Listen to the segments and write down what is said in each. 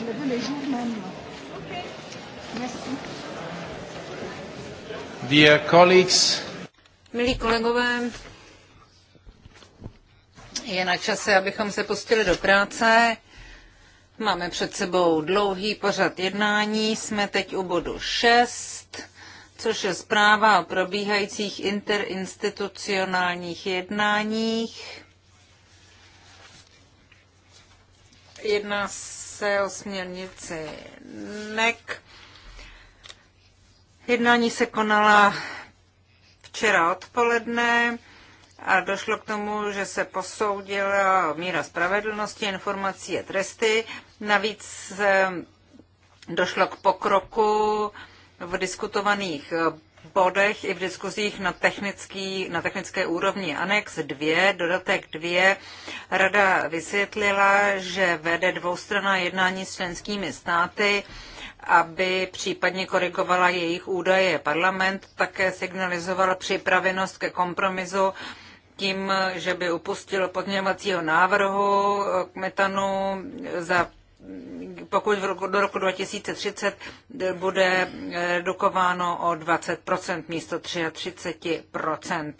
je le veux le jour même. Okay. Merci. Dear colleagues. Milí kolegové, je na čase, abychom se pustili do práce. Máme před sebou dlouhý pořad jednání. Jsme teď u bodu 6, což je zpráva o probíhajících interinstitucionálních jednáních. Jedná se se o směrnici NEC. Jednání se konala včera odpoledne a došlo k tomu, že se posoudila míra spravedlnosti, informací a tresty. Navíc eh, došlo k pokroku v diskutovaných bodech i v diskuzích na, technický, na technické úrovni. Anex 2, dodatek 2, rada vysvětlila, že vede dvoustranná jednání s členskými státy, aby případně korigovala jejich údaje. Parlament také signalizoval připravenost ke kompromisu tím, že by upustil podněvacího návrhu k metanu za pokud do roku 2030 bude redukováno eh, o 20% místo 33%.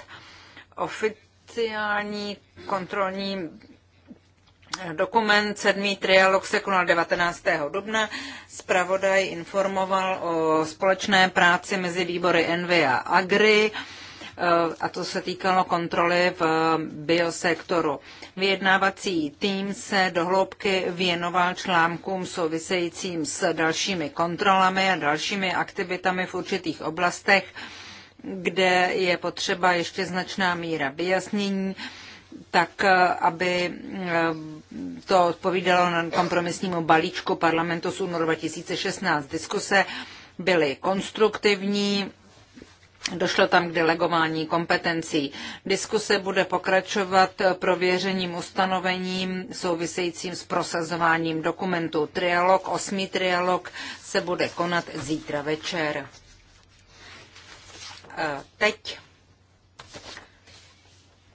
Oficiální kontrolní eh, Dokument 7. trialog se konal 19. dubna. Spravodaj informoval o společné práci mezi výbory NV a Agri. Eh, a to se týkalo kontroly v eh, biosektoru. Vyjednávací tým se dohloubky věnoval článkům souvisejícím s dalšími kontrolami a dalšími aktivitami v určitých oblastech, kde je potřeba ještě značná míra vyjasnění tak eh, aby to odpovídalo na kompromisnímu balíčku parlamentu z únoru 2016. Diskuse byly konstruktivní, Došlo tam k delegování kompetencí. Diskuse bude pokračovat prověřením ustanovením souvisejícím s prosazováním dokumentů. Trialog, osmý trialog se bude konat zítra večer. E, teď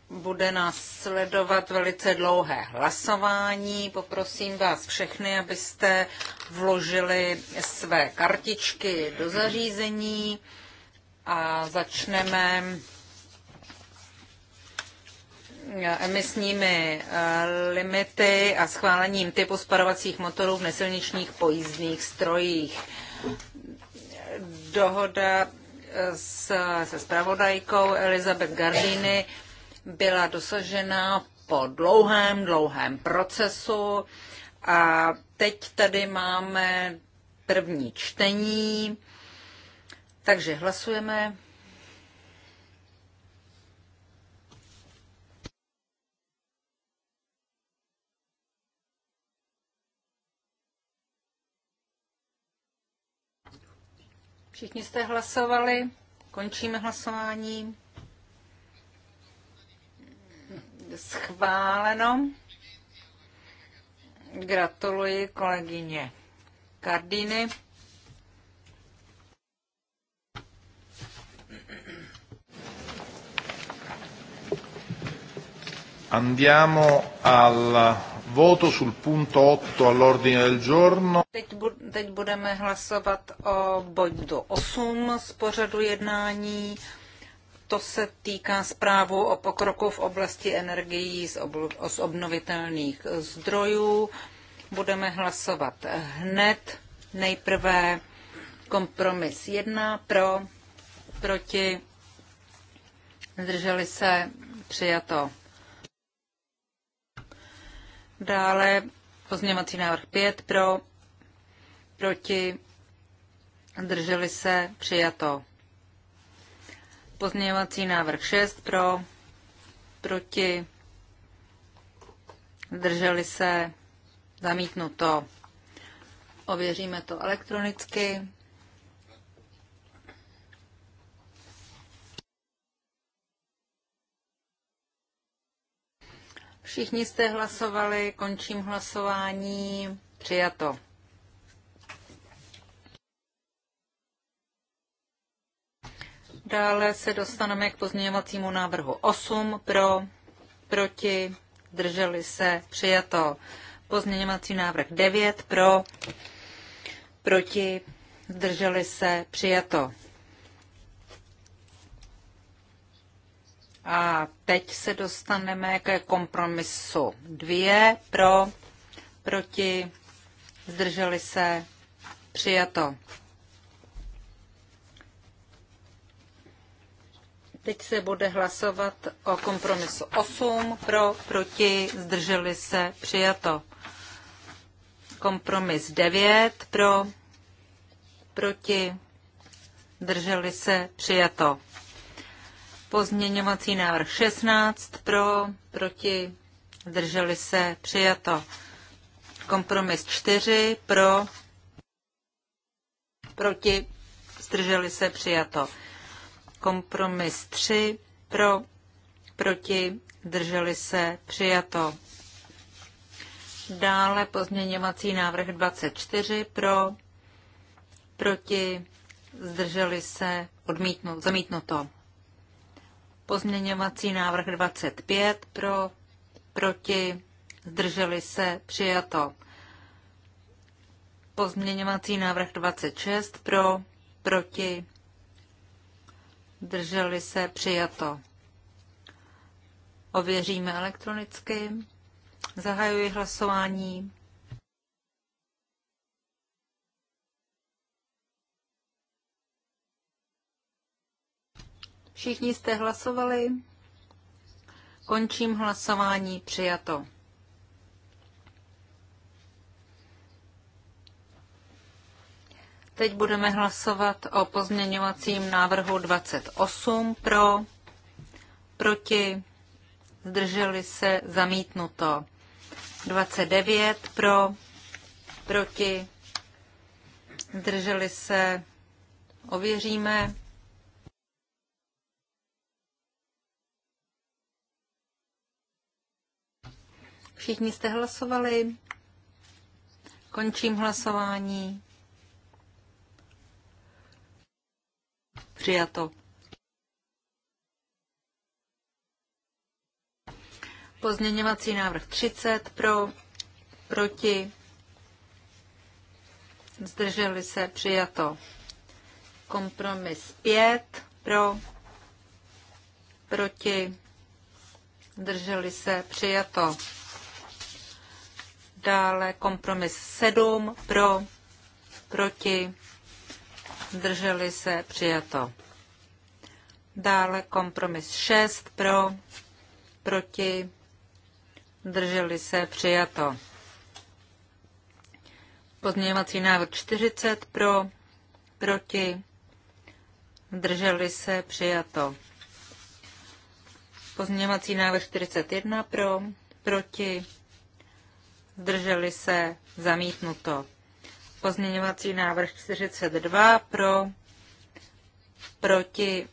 bude následovat velice dlouhé hlasování. Poprosím vás všechny, abyste vložili své kartičky do zařízení a začneme eh, emisními eh, limity a schválením typu sparovacích motorů v nesilničních pojízdných strojích. Dohoda eh, s, se spravodajkou Elizabeth Gardini byla dosažena po dlouhém, dlouhém procesu a teď tady máme první čtení. Takže hlasujeme. Všichni jste hlasovali. Končíme hlasování. Schváleno. Gratuluji kolegyně Kardiny. Andiamo al voto sul punto 8 all'ordine del giorno. Teď, bu- teď budeme hlasovat o bodu 8 z pořadu jednání. To se týká zprávu o pokroku v oblasti energií z, ob- z obnovitelných zdrojů. Budeme hlasovat hned. Nejprve kompromis 1 pro, proti, zdrželi se, přijato Dále pozměňovací návrh 5 pro, proti, drželi se, přijato. Pozměňovací návrh 6 pro, proti, drželi se, zamítnuto. Ověříme to elektronicky. Všichni jste hlasovali, končím hlasování. Přijato. Dále se dostaneme k pozměňovacímu návrhu 8 pro, proti, drželi se, přijato. Pozměňovací návrh 9 pro, proti, zdrželi se, přijato. A teď se dostaneme ke kompromisu dvě pro, proti, zdrželi se, přijato. Teď se bude hlasovat o kompromisu 8 pro, proti, zdrželi se, přijato. Kompromis 9 pro, proti, zdrželi se, přijato. Pozměňovací návrh 16 pro, proti, zdrželi se, přijato. Kompromis 4 pro, proti, zdrželi se, přijato. Kompromis 3 pro, proti, zdrželi se, přijato. Dále pozměňovací návrh 24 pro, proti, zdrželi se, odmítnu, zamítnuto. Pozměňovací návrh 25 pro, proti, zdrželi se, přijato. Pozměňovací návrh 26 pro, proti, zdrželi se, přijato. Ověříme elektronicky. Zahajuji hlasování. Všichni jste hlasovali. Končím hlasování. Přijato. Teď budeme hlasovat o pozměňovacím návrhu 28 pro, proti, zdrželi se, zamítnuto. 29 pro, proti, zdrželi se, ověříme. Všichni jste hlasovali. Končím hlasování. Přijato. Pozměňovací návrh 30 pro, proti, zdrželi se, přijato. Kompromis 5 pro, proti, zdrželi se, přijato. Dále kompromis 7 pro, proti, zdrželi se, přijato. Dále kompromis 6 pro, proti, zdrželi se, přijato. Pozměňovací návrh 40 pro, proti, zdrželi se, přijato. Pozměňovací návrh 41 pro, proti, zdrželi se, zamítnuto. Pozměňovací návrh 42 pro, proti,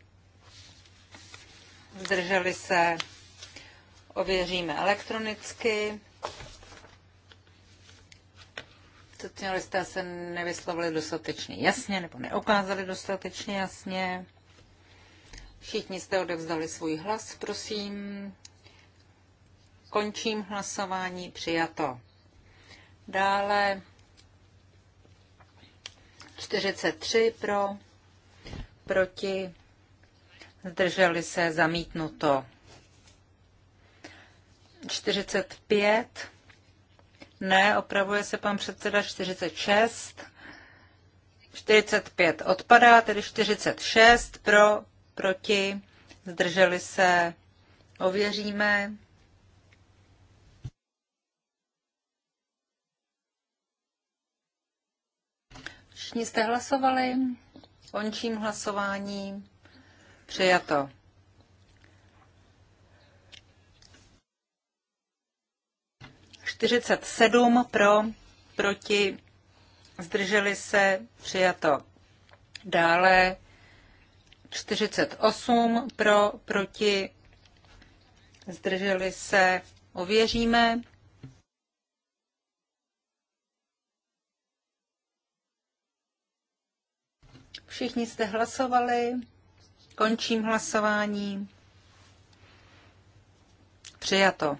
zdrželi se, ověříme elektronicky. Socialisté se nevyslovili dostatečně jasně, nebo neukázali dostatečně jasně. Všichni jste odevzdali svůj hlas, prosím. Končím hlasování, přijato. Dále 43 pro, proti, zdrželi se, zamítnuto. 45, ne, opravuje se pan předseda 46, 45 odpadá, tedy 46 pro, proti, zdrželi se, ověříme. Všichni jste hlasovali? Končím hlasování. Přijato. Čtyřicet sedm pro, proti, zdrželi se, přijato. Dále osm pro, proti, zdrželi se, ověříme. Všichni jste hlasovali. Končím hlasování. Přijato.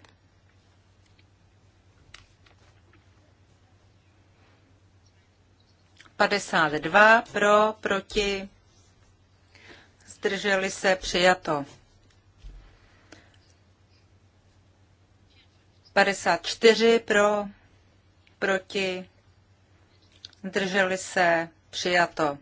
Padesát dva pro, proti, zdrželi se, přijato. 54 pro, proti, zdrželi se, přijato.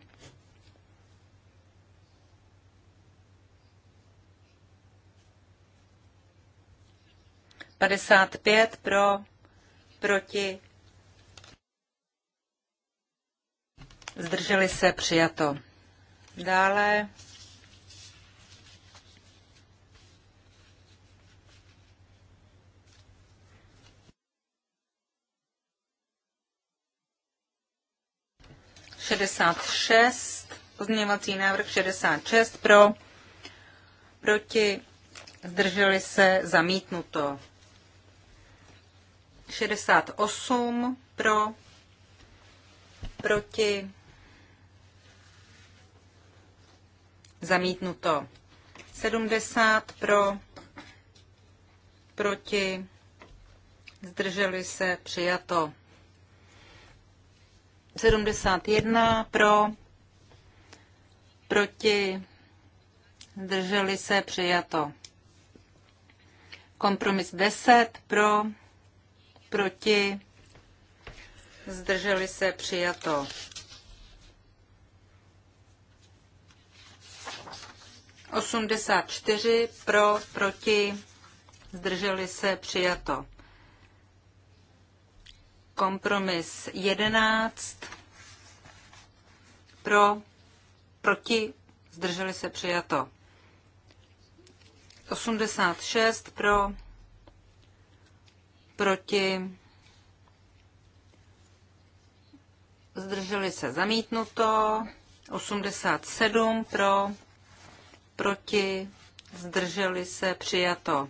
55 pro, proti, zdrželi se, přijato. Dále Šedesát šest, pozměňovací návrh šedesát šest pro, proti, zdrželi se, zamítnuto. 68 pro, proti, zamítnuto. 70 pro, proti, zdrželi se, přijato. 71 pro, proti, zdrželi se, přijato. Kompromis 10 pro, proti, zdrželi se přijato. Osmdesát čtyři pro, proti, zdrželi se přijato. Kompromis jedenáct pro, proti, zdrželi se přijato. 86 pro, proti, zdrželi se zamítnuto, 87 pro, proti, zdrželi se přijato,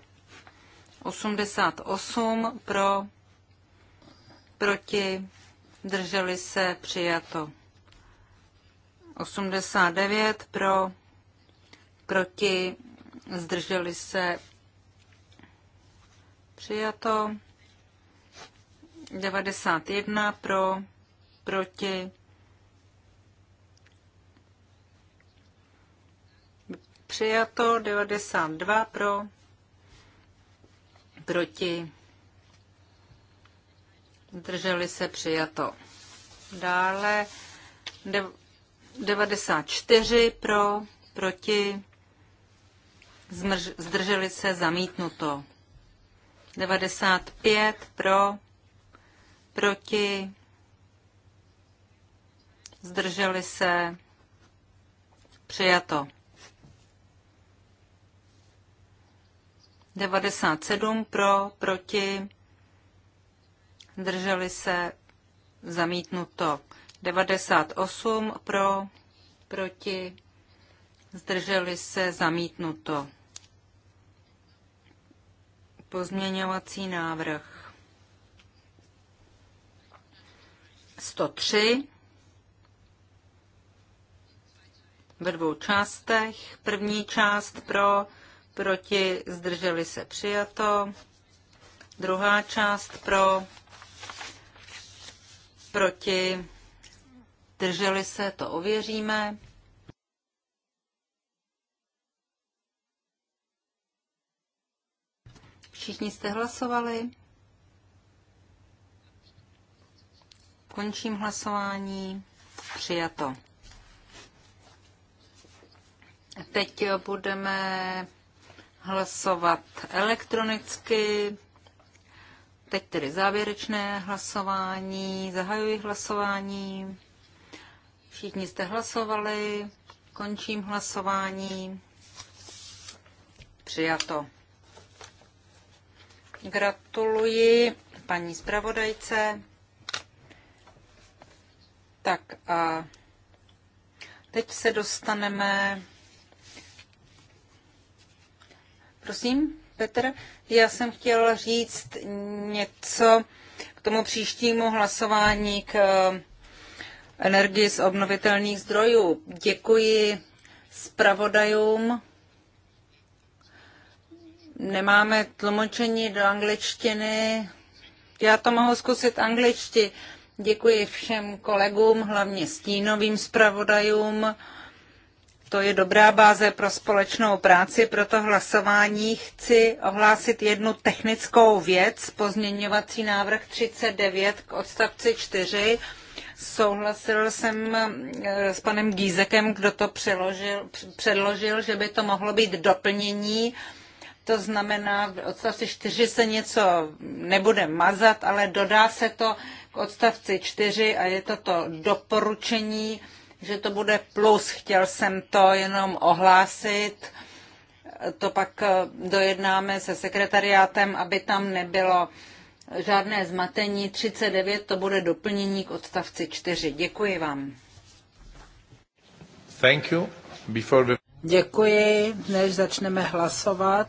88 pro, proti, zdrželi se přijato, 89 pro, proti, zdrželi se přijato, 91 pro, proti. Přijato 92 pro, proti. Drželi se přijato. Dále 94 pro, proti. Zdrželi se zamítnuto. 95 pro, proti, zdrželi se, přijato. 97 pro, proti, zdrželi se, zamítnuto. 98 pro, proti, zdrželi se, zamítnuto. Pozměňovací návrh. 103 ve dvou částech. První část pro, proti, zdrželi se přijato. Druhá část pro, proti, zdrželi se, to ověříme. Všichni jste hlasovali? Končím hlasování. Přijato. Teď budeme hlasovat elektronicky. Teď tedy závěrečné hlasování. Zahajuji hlasování. Všichni jste hlasovali. Končím hlasování. Přijato. Gratuluji paní zpravodajce. Tak a teď se dostaneme. Prosím, Petr, já jsem chtěl říct něco k tomu příštímu hlasování k eh, energii z obnovitelných zdrojů. Děkuji zpravodajům. Nemáme tlumočení do angličtiny. Já to mohu zkusit angličtiny Děkuji všem kolegům, hlavně stínovým zpravodajům. To je dobrá báze pro společnou práci, pro to hlasování chci ohlásit jednu technickou věc, pozměňovací návrh 39 k odstavci 4. Souhlasil jsem eh, s panem Gízekem, kdo to předložil, že by to mohlo být doplnění to znamená, v odstavci 4 se něco nebude mazat, ale dodá se to k odstavci 4 a je to to doporučení, že to bude plus. Chtěl jsem to jenom ohlásit. To pak eh, dojednáme se sekretariátem, aby tam nebylo žádné zmatení. 39 to bude doplnění k odstavci 4. Děkuji vám. Thank you. Before the... Děkuji, než začneme hlasovat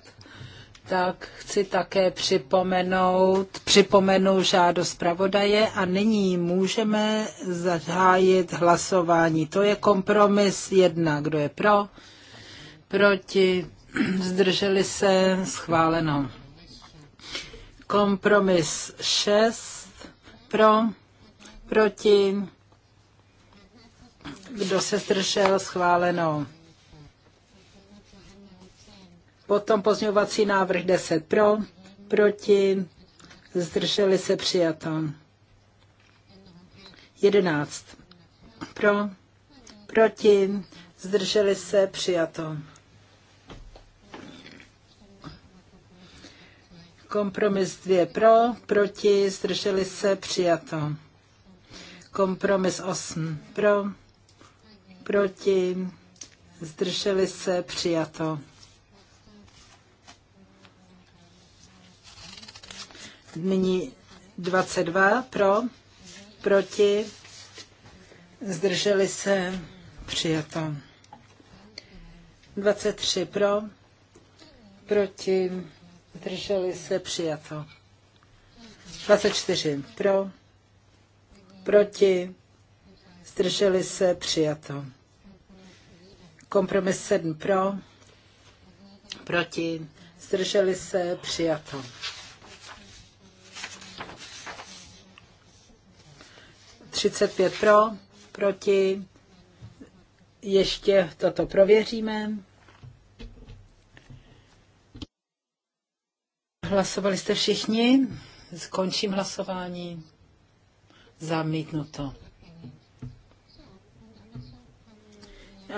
tak chci také připomenout, připomenout žádost zpravodaje a nyní můžeme zahájit hlasování. To je kompromis jedna. Kdo je pro? Proti? Zdrželi se? Schváleno. Kompromis 6. Pro? Proti? Kdo se zdržel? Schváleno Potom pozňovací návrh 10 pro, proti, zdrželi se přijato. 11 pro, proti, zdrželi se přijato. Kompromis 2 pro, proti, zdrželi se přijato. Kompromis 8 pro, proti, zdrželi se přijato. Nyní 22 pro, proti, zdrželi se, přijato. 23 pro, proti, zdrželi se, přijato. 24 pro, proti, zdrželi se, přijato. Kompromis 7 pro, proti, zdrželi se, přijato. 35 pro, proti. Ještě toto prověříme. Hlasovali jste všichni? Skončím hlasování. Zamítnuto.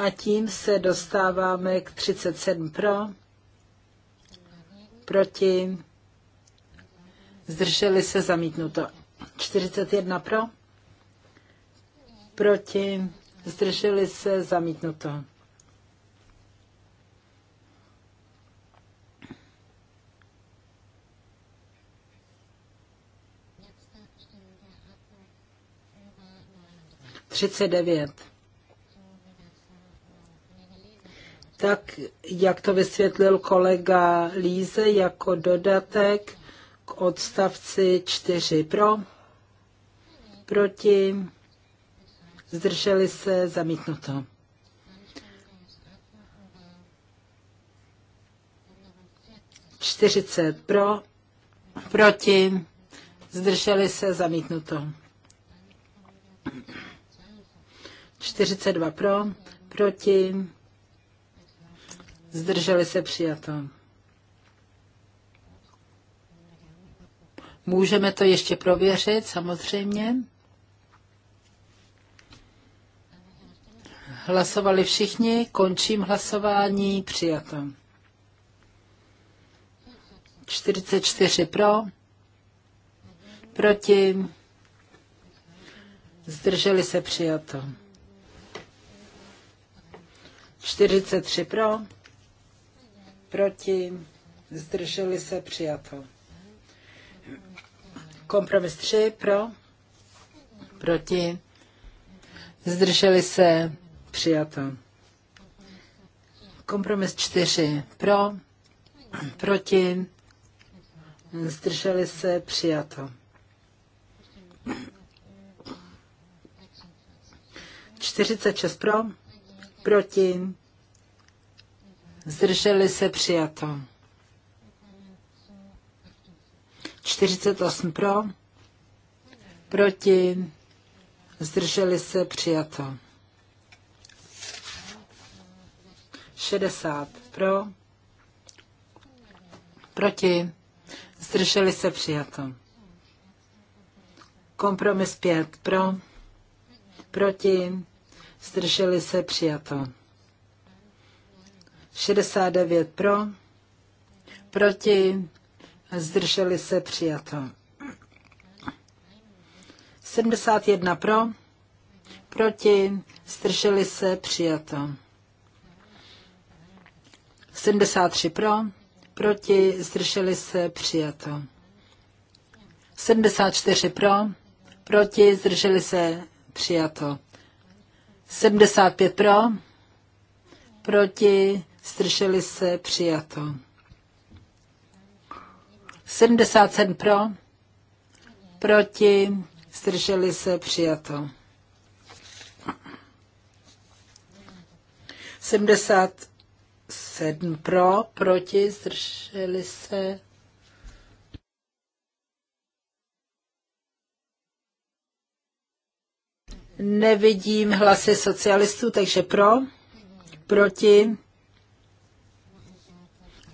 A tím se dostáváme k 37 pro, proti, zdrželi se zamítnuto. 41 pro, proti, zdrželi se, zamítnuto. Třicet devět. Tak, jak to vysvětlil kolega Líze jako dodatek k odstavci čtyři pro, proti zdrželi se, zamítnuto. Čtyřicet pro, proti, zdrželi se, zamítnuto. dva pro, proti, zdrželi se přijato. Můžeme to ještě prověřit, samozřejmě. Hlasovali všichni, končím hlasování, přijato. 44 pro, proti, zdrželi se přijato. 43 pro, proti, zdrželi se přijato. Kompromis 3 pro, proti, zdrželi se Přijato. Kompromis čtyři. Pro, proti, zdrželi se, přijato. 46 pro, proti, zdrželi se, přijato. 48 pro, proti, zdrželi se, přijato. 60 pro, proti, zdrželi se přijato. Kompromis 5 pro, proti, zdrželi se přijato. 69 pro, proti, zdrželi se přijato. 71 pro, proti, zdrželi se přijato. 73 pro, proti, zdrželi se, přijato. 74 pro, proti, zdrželi se, přijato. 75 pro, proti, zdrželi se, přijato. 77 pro, proti, zdrželi se, přijato. 70 7 pro, proti, zdrželi se. Nevidím hlasy socialistů, takže pro, proti.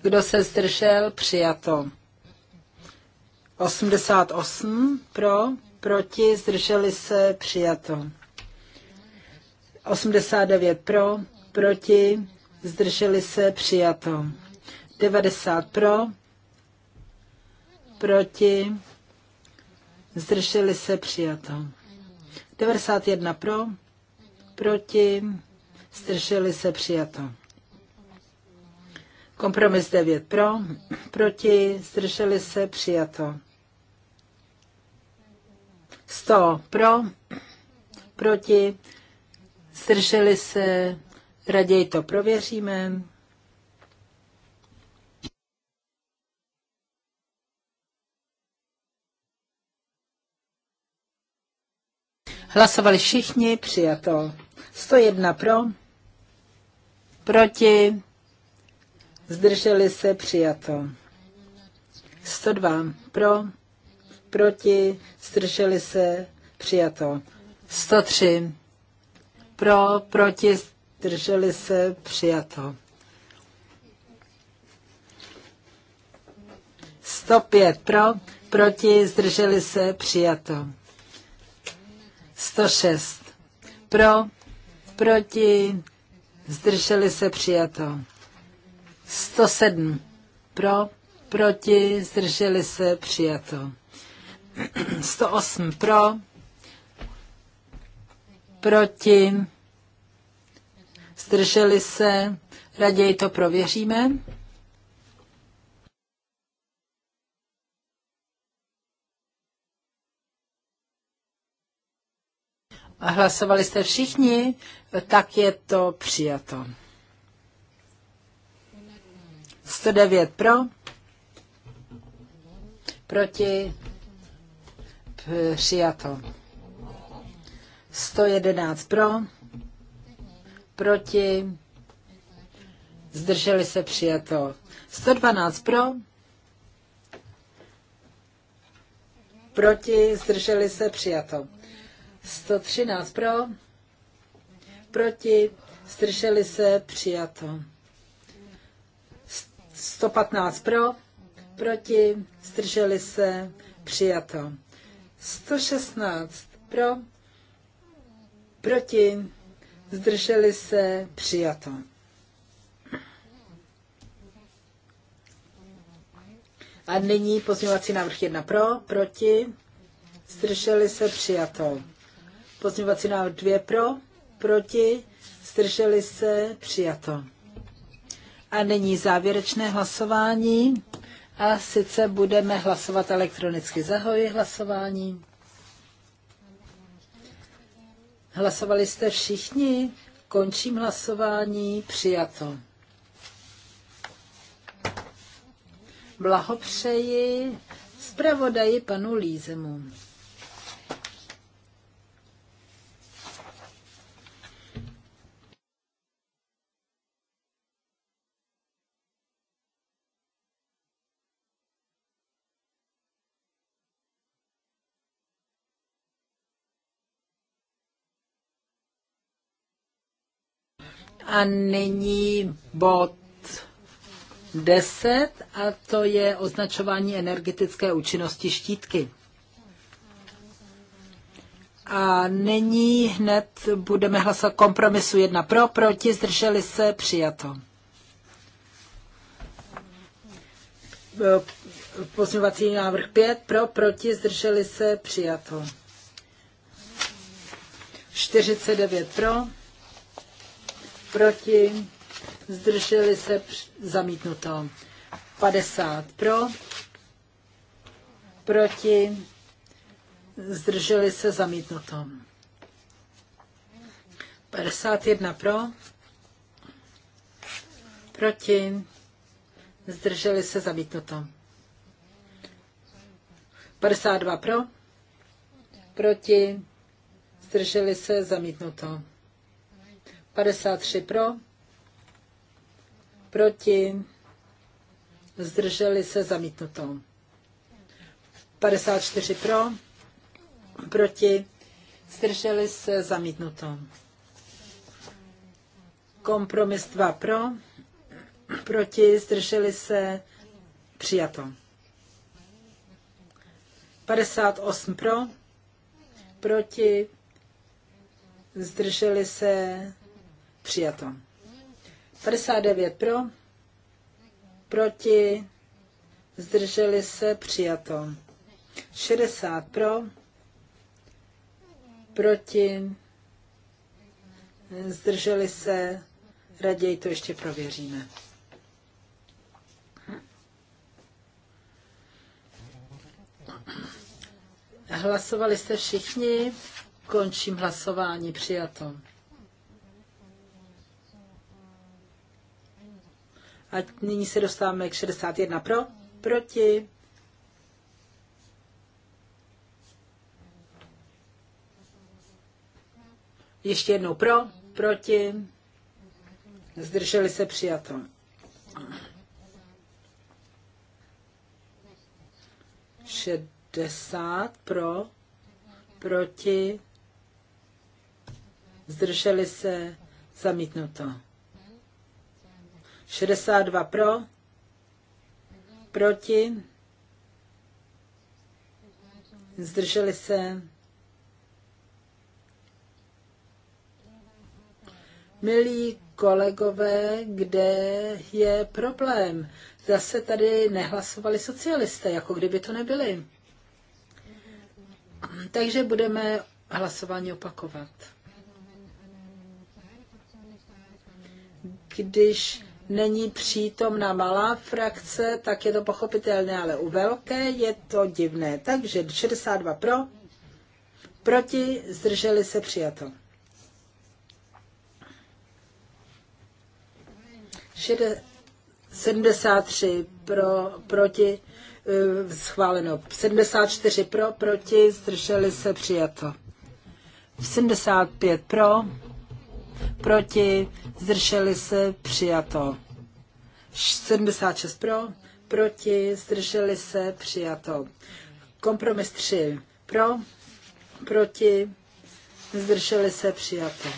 Kdo se zdržel, přijato. 88 pro, proti, zdrželi se, přijato. 89 pro, proti, zdrželi se, přijato. 90 pro, proti, zdrželi se, přijato. 91 pro, proti, zdrželi se, přijato. Kompromis 9 pro, proti, zdrželi se, přijato. 100 pro, proti, zdrželi se, Raději to prověříme. Hlasovali všichni, přijato. 101 pro, proti, zdrželi se, přijato. 102 pro, proti, zdrželi se, přijato. 103 pro, proti, zdrželi se, přijato. 105 pro, proti, zdrželi se, přijato. 106 pro, proti, zdrželi se, přijato. 107 pro, proti, zdrželi se, přijato. 108 pro, proti, zdrželi se, raději to prověříme. A hlasovali jste všichni, tak je to přijato. 109 pro, proti, přijato. 111 pro, proti, zdrželi se přijato. 112 pro, proti, zdrželi se přijato. 113 pro, proti, zdrželi se přijato. 115 pro, proti, zdrželi se přijato. 116 pro, proti, zdrželi se, přijato. A nyní pozměňovací návrh 1 pro, proti, zdrželi se, přijato. Pozměňovací návrh 2 pro, proti, zdrželi se, přijato. A nyní závěrečné hlasování. A sice budeme hlasovat elektronicky. Zahoji hlasování. Hlasovali jste všichni? Končím hlasování. Přijato. Blahopřeji zpravodaji panu Lízemu. A nyní bod 10 a to je označování energetické účinnosti štítky. A nyní hned budeme hlasovat kompromisu jedna pro, proti, zdrželi se, přijato. Pozměňovací návrh 5 pro, proti, zdrželi se, přijato. 49 pro, proti, zdrželi se zamítnuto. 50 pro, proti, zdrželi se zamítnuto. 51 pro, proti, zdrželi se zamítnuto. 52 pro, proti, zdrželi se zamítnuto. 53 pro, proti, zdrželi se zamítnuto. 54 pro, proti, zdrželi se zamítnuto. Kompromis 2 pro, proti, zdrželi se přijato. 58 pro, proti, zdrželi se Přijato. 59 pro, proti, zdrželi se, přijato. 60 pro, proti, zdrželi se, raději to ještě prověříme. Hlasovali jste všichni, končím hlasování, přijato. A nyní se dostáváme k 61 pro, proti. Ještě jednou pro, proti. Zdrželi se přijatom. Šedesát pro, proti. Zdrželi se zamítnuto. 62 pro, proti, zdrželi se. Milí kolegové, kde je problém? Zase tady nehlasovali socialisté, jako kdyby to nebyli. Takže budeme hlasování opakovat. Když není přítomna malá frakce, tak je to pochopitelné, ale u velké je to divné. Takže 62 pro, proti, zdrželi se přijato. 73 pro, proti, eh, schváleno. 74 pro, proti, zdrželi se přijato. 75 pro, proti, zdrželi se, přijato. 76 pro, proti, zdrželi se, přijato. Kompromis 3 pro, proti, zdrželi se, přijato.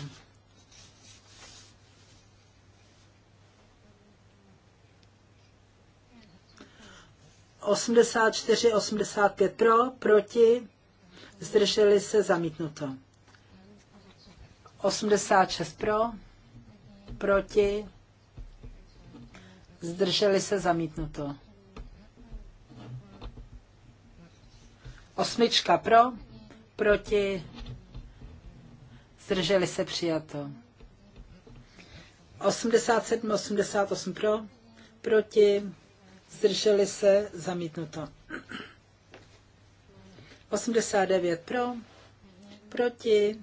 Osmdesát čtyři, osmdesát pět pro, proti, zdrželi se, zamítnuto. 86 pro, proti, zdrželi se zamítnuto. Osmička pro, proti, zdrželi se přijato. 87, 88 pro, proti, zdrželi se zamítnuto. 89 pro, proti,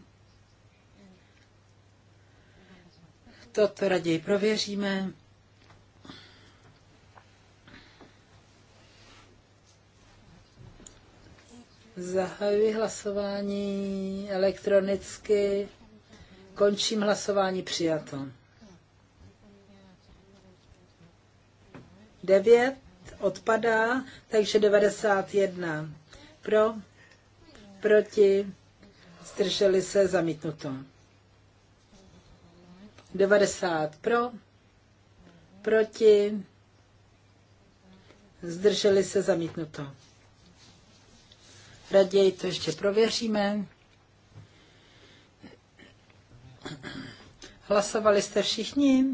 Toto raději prověříme. Zahajuji hlasování elektronicky. Končím hlasování přijato. 9 odpadá, takže 91 pro, proti, zdrželi se zamítnuto. 90 pro, proti, zdrželi se zamítnuto. Raději to ještě prověříme. Hlasovali jste všichni?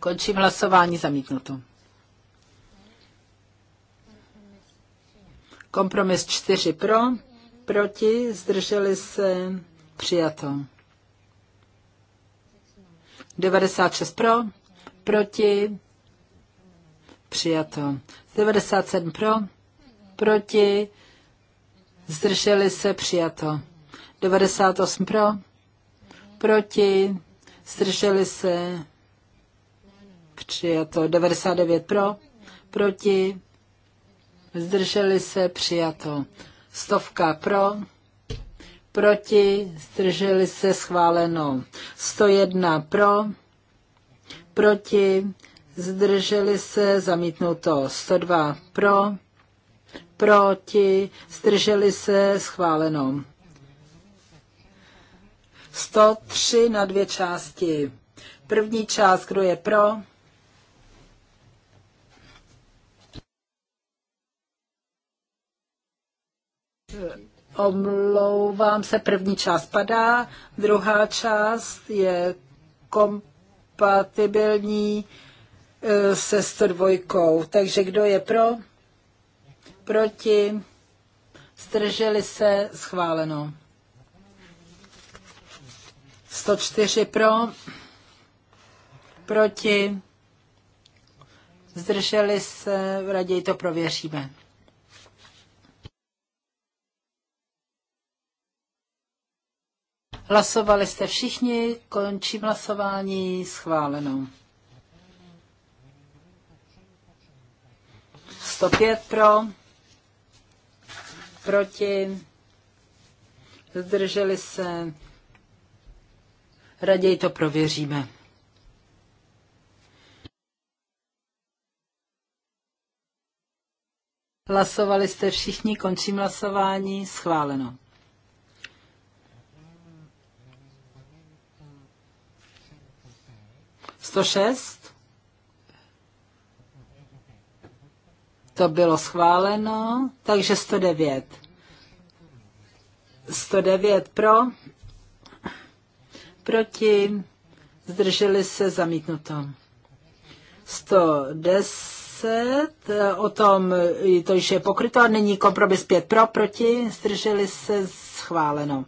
Končím hlasování zamítnuto. Kompromis 4 pro, proti, zdrželi se, přijato. 96 pro, proti, přijato. 97 pro, proti, zdrželi se, přijato. 98 pro, proti, zdrželi se, přijato. 99 pro, proti, zdrželi se, přijato. Stovka pro, proti, zdrželi se schváleno. 101 pro, proti, zdrželi se zamítnuto. 102 pro, proti, zdrželi se schváleno. 103 na dvě části. První část, kdo je pro? Good Omlouvám se, první část padá, druhá část je kompatibilní e, se 102. Takže kdo je pro? Proti? Zdrželi se? Schváleno. 104 pro, proti, zdrželi se, raději to prověříme. Hlasovali jste všichni, končím hlasování, schváleno. 105 pro, proti, zdrželi se, raději to prověříme. Hlasovali jste všichni, končím hlasování, schváleno. 106. To bylo schváleno, takže 109. 109 pro, proti, zdrželi se zamítnuto. 110, o tom to již je pokryto, nyní kompromis 5 pro, proti, zdrželi se schváleno.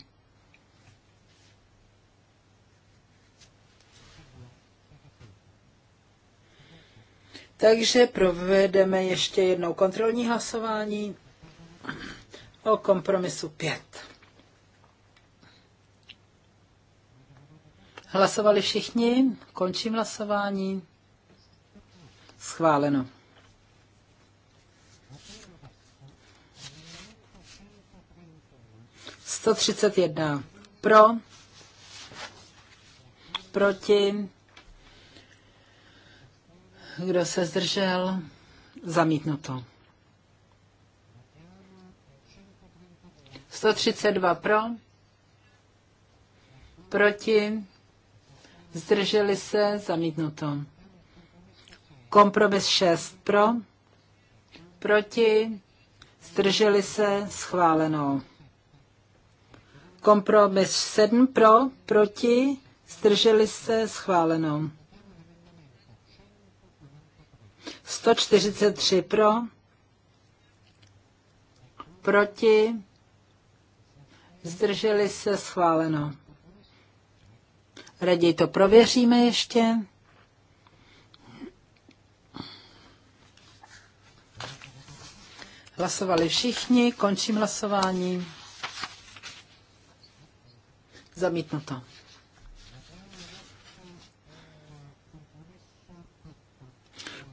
Takže provedeme ještě jednou kontrolní hlasování o kompromisu 5. Hlasovali všichni, končím hlasování. Schváleno. Sto třicet jedna. Pro. Proti. Kdo se zdržel? Zamítnuto. 132 pro, proti, zdrželi se, zamítnuto. Kompromis 6 pro, proti, zdrželi se, schváleno. Kompromis 7 pro, proti, zdrželi se, schváleno. 143 pro, proti, zdrželi se schváleno. Raději to prověříme ještě. Hlasovali všichni, končím hlasování. Zamítnuto.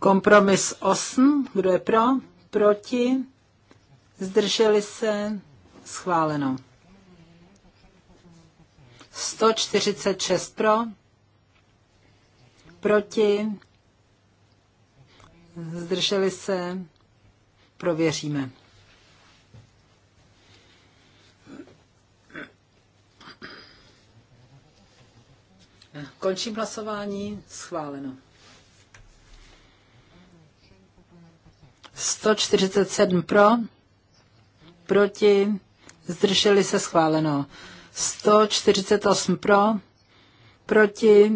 Kompromis 8. Kdo je pro? Proti? Zdrželi se? Schváleno. 146 pro, proti, zdrželi se, prověříme. Končím hlasování, schváleno. 147 pro, proti, zdrželi se schváleno. 148 pro, proti,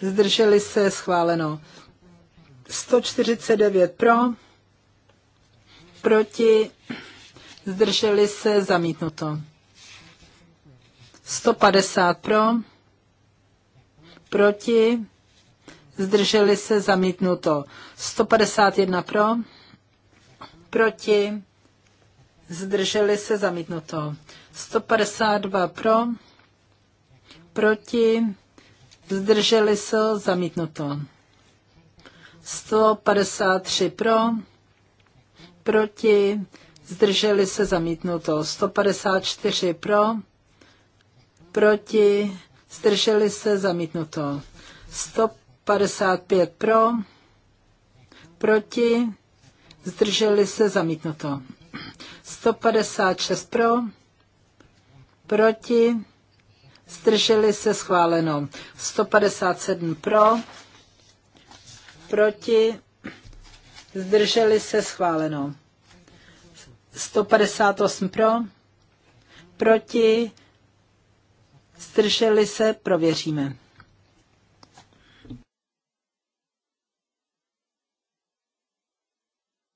zdrželi se schváleno. 149 pro, proti, zdrželi se zamítnuto. 150 pro, proti, zdrželi se zamítnuto. 151 pro, proti, zdrželi se zamítnuto. 152 pro, proti, zdrželi se zamítnuto. 153 pro, proti, zdrželi se zamítnuto. 154 pro, proti, zdrželi se zamítnuto. 155 pro, proti, zdrželi se, zamítnuto. 156 pro, proti, zdrželi se, schváleno. 157 pro, proti, zdrželi se, schváleno. 158 pro, proti, zdrželi se, prověříme.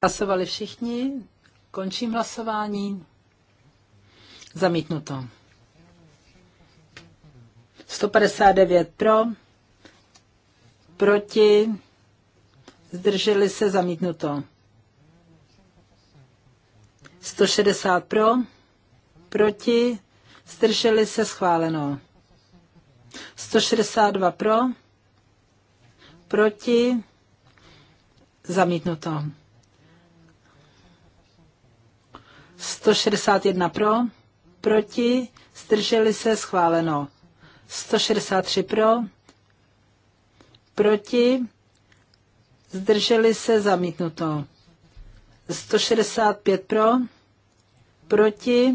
Hlasovali všichni. Končím hlasování. Zamítnuto. 159 pro, proti, zdrželi se, zamítnuto. 160 pro, proti, zdrželi se, schváleno. 162 pro, proti, zamítnuto. 161 pro, proti, zdrželi se, schváleno. 163 pro, proti, zdrželi se, zamítnuto. 165 pro, proti,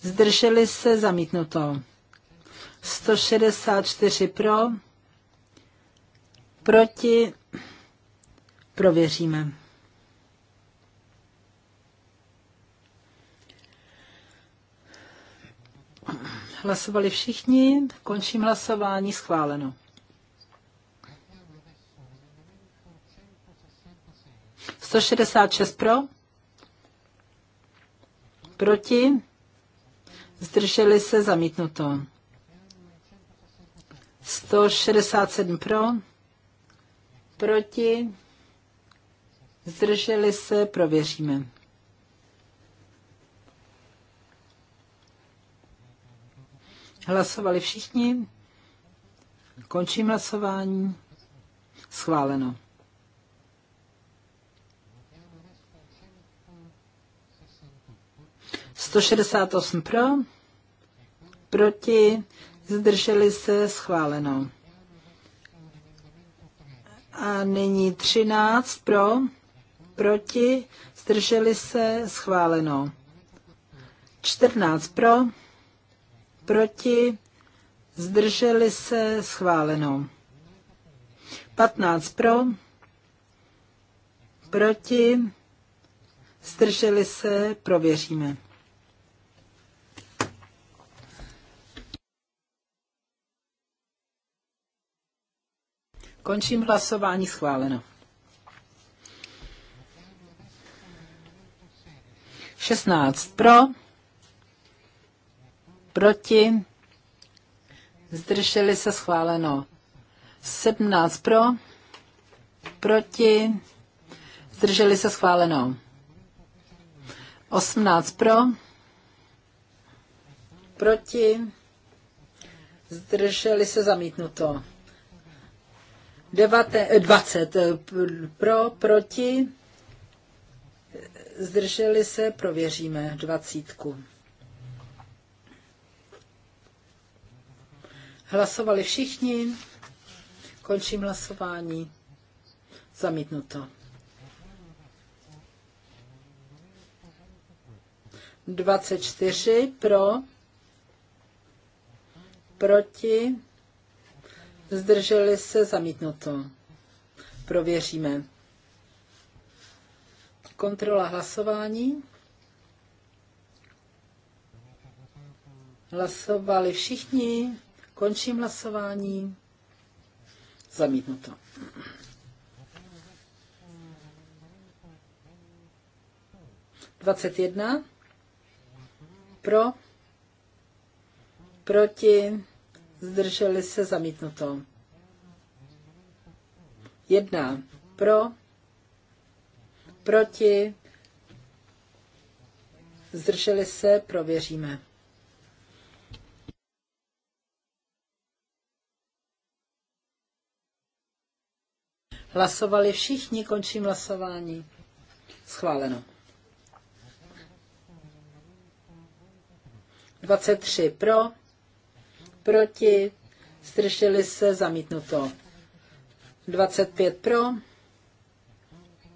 zdrželi se, zamítnuto. 164 pro, proti, prověříme. Hlasovali všichni, končím hlasování, schváleno. 166 pro, proti, zdrželi se zamítnuto. 167 pro, proti, zdrželi se, prověříme. Hlasovali všichni. Končím hlasování. Schváleno. Sto šedesát osm pro, proti, zdrželi se, schváleno. A nyní třináct pro, proti, zdrželi se, schváleno. čtrnáct pro, proti, zdrželi se, schváleno. 15 pro, proti, zdrželi se, prověříme. Končím hlasování schváleno. 16 pro, proti, zdrželi se schváleno. 17 pro, proti, zdrželi se schváleno. 18 pro, proti, zdrželi se zamítnuto. 20 eh, eh, pro, proti, zdrželi se, prověříme dvacítku. Hlasovali všichni. Končím hlasování. Zamítnuto. 24 pro, proti, zdrželi se, zamítnuto. Prověříme. Kontrola hlasování. Hlasovali všichni. Končím hlasování. Zamítnuto. Dvacet jedna. Pro. Proti. Zdrželi se zamítnuto. Jedna. Pro. Proti. Zdrželi se. Prověříme. Hlasovali všichni, končím hlasování. Schváleno. 23 pro, proti, zdrželi se, zamítnuto. 25 pro,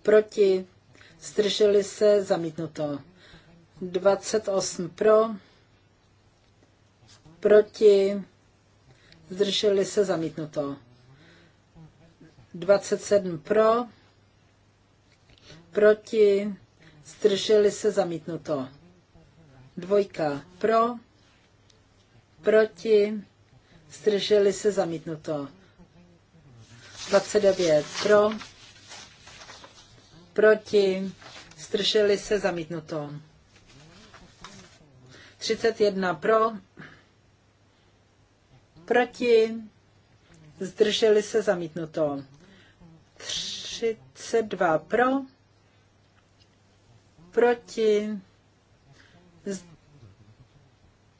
proti, zdrželi se, zamítnuto. 28 pro, proti, zdrželi se, zamítnuto. 27 pro, proti, zdrželi se zamítnuto. Dvojka pro, proti, zdrželi se zamítnuto. 29 pro, proti, zdrželi se zamítnuto. 31 pro, proti, zdrželi se zamítnuto. 32 pro, proti,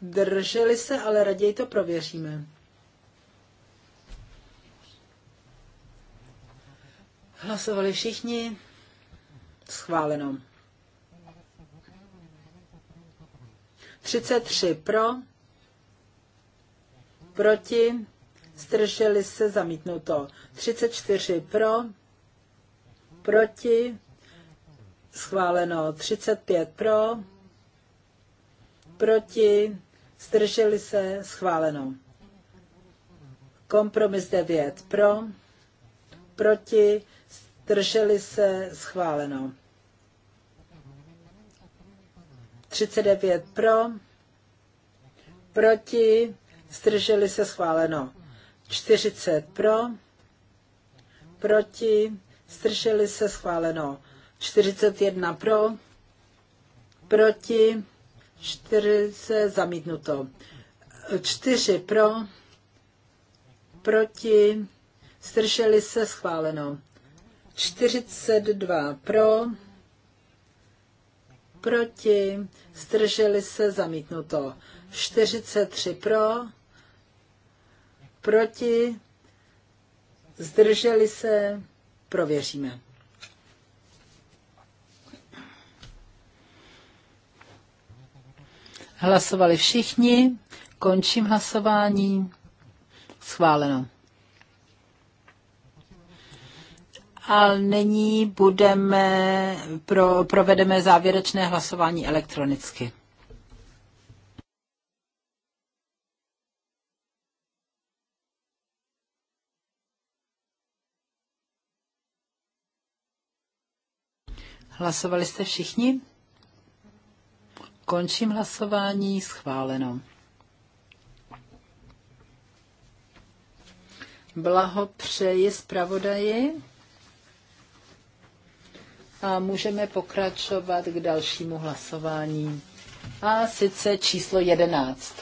drželi se, ale raději to prověříme. Hlasovali všichni. Schváleno. 33 pro, proti, zdrželi se, zamítnuto. 34 pro, proti, schváleno. 35 pro, proti, zdrželi se, schváleno. Kompromis 9 pro, proti, zdrželi se, schváleno. 39 pro, proti, zdrželi se schváleno. 40 pro, proti, zdrželi se schváleno. 41 pro, proti, 4 se zamítnuto. 4 pro, proti, zdrželi se schváleno. 42 pro, proti, zdrželi se zamítnuto. 43 pro, proti, zdrželi se, prověříme. Hlasovali všichni, končím hlasování, schváleno. A nyní budeme, pro, provedeme závěrečné hlasování elektronicky. Hlasovali jste všichni? Končím hlasování, schváleno. Blaho přeji zpravodaji a můžeme pokračovat k dalšímu hlasování. A sice číslo 11.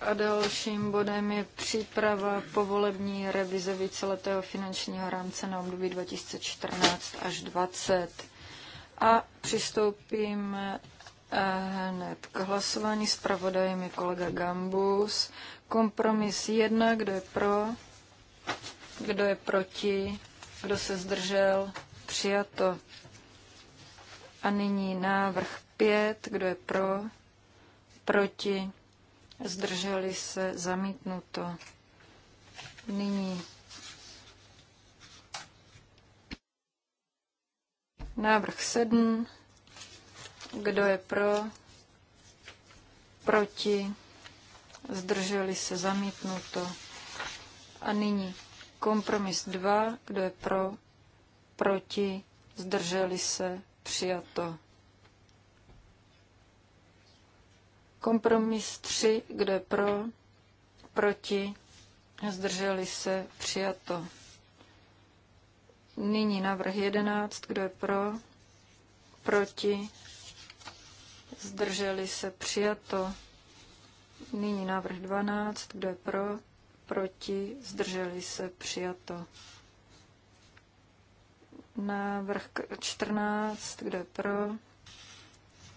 A dalším bodem je příprava povolební revize víceletého finančního rámce na období 2014 až 2020. A přistoupíme eh, hned k hlasování. Spravodajem je kolega Gambus. Kompromis 1, kdo je pro, kdo je proti, kdo se zdržel, přijato. A nyní návrh 5, kdo je pro, proti, zdrželi se, zamítnuto. Nyní návrh 7, kdo je pro, proti, zdrželi se, zamítnuto. A nyní kompromis 2, kdo je pro, proti, zdrželi se, přijato. Kompromis 3, kdo je pro, proti, zdrželi se, přijato. Nyní návrh 11, kdo je pro, proti, zdrželi se, přijato. Nyní návrh 12, kdo je pro, proti, zdrželi se, přijato. Návrh 14, kdo je pro,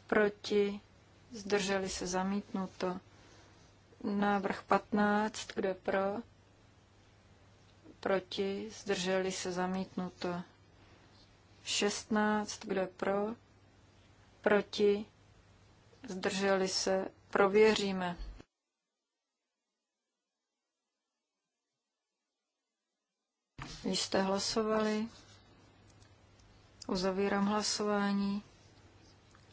proti, zdrželi se zamítnuto. Návrh 15, kdo pro, proti, zdrželi se zamítnuto. 16, kdo pro, proti, zdrželi se, prověříme. Jste hlasovali. Uzavírám hlasování.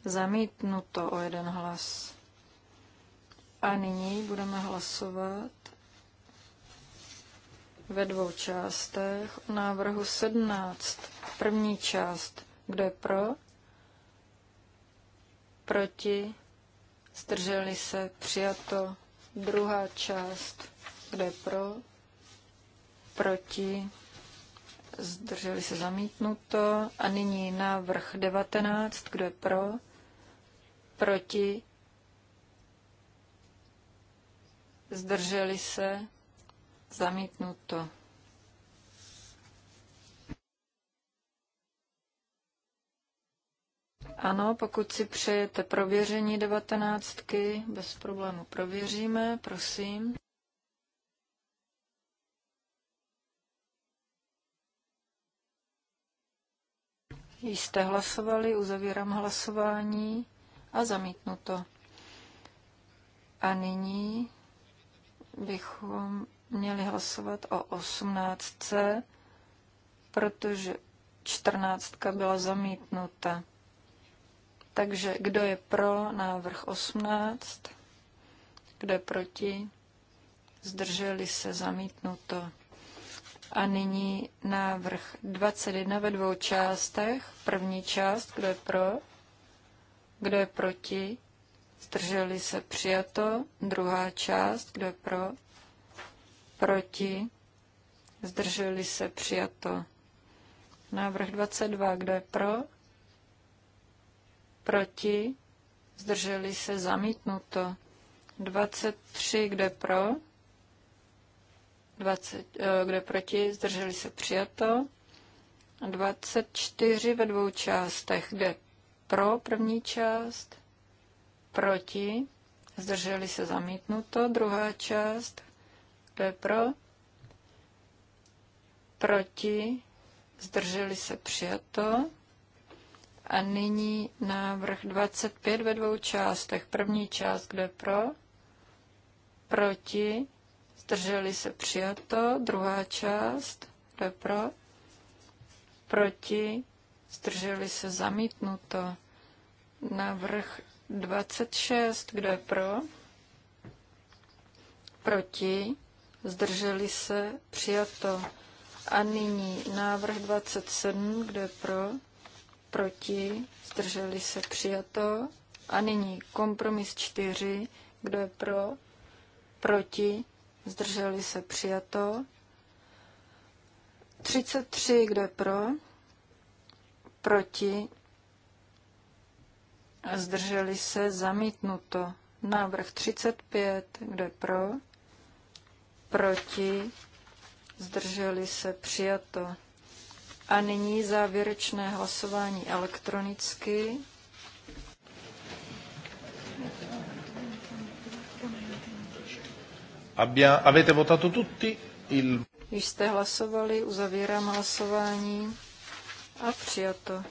Zamítnuto o jeden hlas. A nyní budeme hlasovat ve dvou částech o návrhu 17. První část, kdo je pro, proti, zdrželi se, přijato. Druhá část, kdo je pro, proti, zdrželi se zamítnuto. A nyní návrh 19, kdo je pro, proti, zdrželi se, zamítnuto. Ano, pokud si přejete prověření devatenáctky, bez problému prověříme, prosím. jste hlasovali, uzavírám hlasování a zamítnuto. A nyní bychom měli hlasovat o 18, protože 14 byla zamítnuta. Takže kdo je pro návrh 18? Kdo je proti? Zdrželi se zamítnuto. A nyní návrh 21 ve dvou částech. První část, kdo je pro? Kdo je proti? Zdrželi se přijato. Druhá část. Kdo je pro? Proti? Zdrželi se přijato. Návrh 22. Kdo je pro? Proti? Zdrželi se zamítnuto. 23. Kdo je pro? 20, eh, kde proti? Zdrželi se přijato. 24 ve dvou částech. Kde pro první část, proti, zdrželi se zamítnuto, druhá část, kdo je pro, proti, zdrželi se přijato. A nyní návrh 25 ve dvou částech. První část, kdo je pro, proti, zdrželi se přijato. Druhá část, kdo je pro, proti, zdrželi se zamítnuto. Návrh 26, kdo je pro? Proti, zdrželi se, přijato. A nyní návrh 27, kdo je pro? Proti, zdrželi se, přijato. A nyní kompromis 4, kdo je pro? Proti, zdrželi se, přijato. 33, kdo je pro? proti, zdrželi se, zamítnuto. Návrh 35, kde pro, proti, zdrželi se, přijato. A nyní závěrečné hlasování elektronicky. Abia, avete votato tutti il... Již jste hlasovali, uzavírám hlasování a přijato.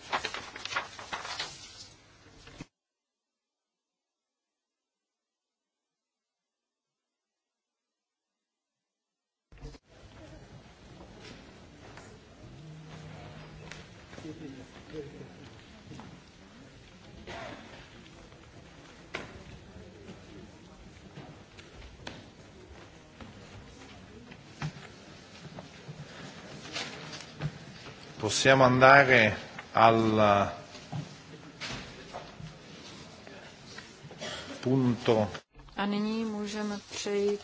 possiamo andare al punto. A nyní můžeme přejít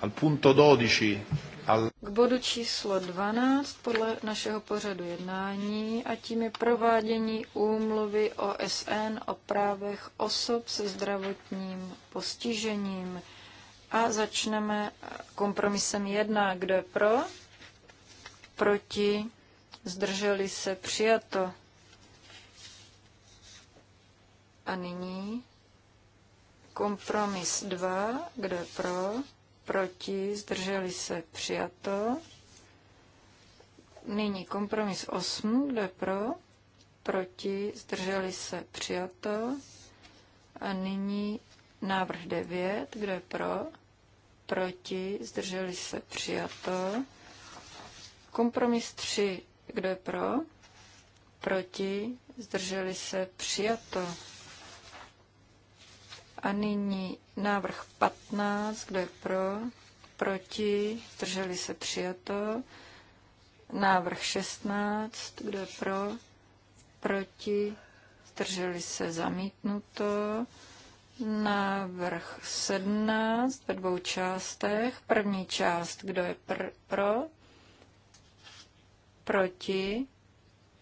al punto 12 k bodu číslo 12 podle našeho pořadu jednání a tím je provádění úmluvy OSN o právech osob se zdravotním postižením. A začneme kompromisem 1. Kdo je pro? Proti? Zdrželi se? Přijato. A nyní kompromis 2. Kdo je pro? proti, zdrželi se, přijato. Nyní kompromis 8, kdo je pro, proti, zdrželi se, přijato. A nyní návrh 9, kdo je pro, proti, zdrželi se, přijato. Kompromis 3, kdo je pro, proti, zdrželi se, přijato. A nyní Návrh 15, kdo je pro, proti, zdrželi se přijato. Návrh 16, kdo je pro, proti, zdrželi se zamítnuto. Návrh 17 ve dvou částech. První část, kdo je pr- pro, proti,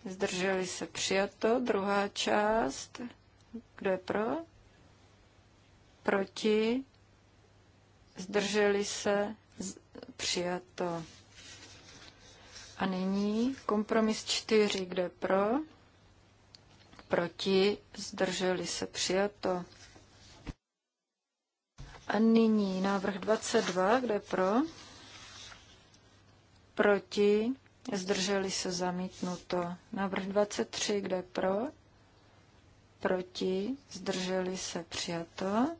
zdrželi se přijato. Druhá část, kdo je pro, proti, zdrželi se, přijato. A nyní kompromis 4, kde pro, proti, zdrželi se, přijato. A nyní návrh 22, kde pro, proti, zdrželi se, zamítnuto. Návrh 23, kde pro, proti, zdrželi se, přijato.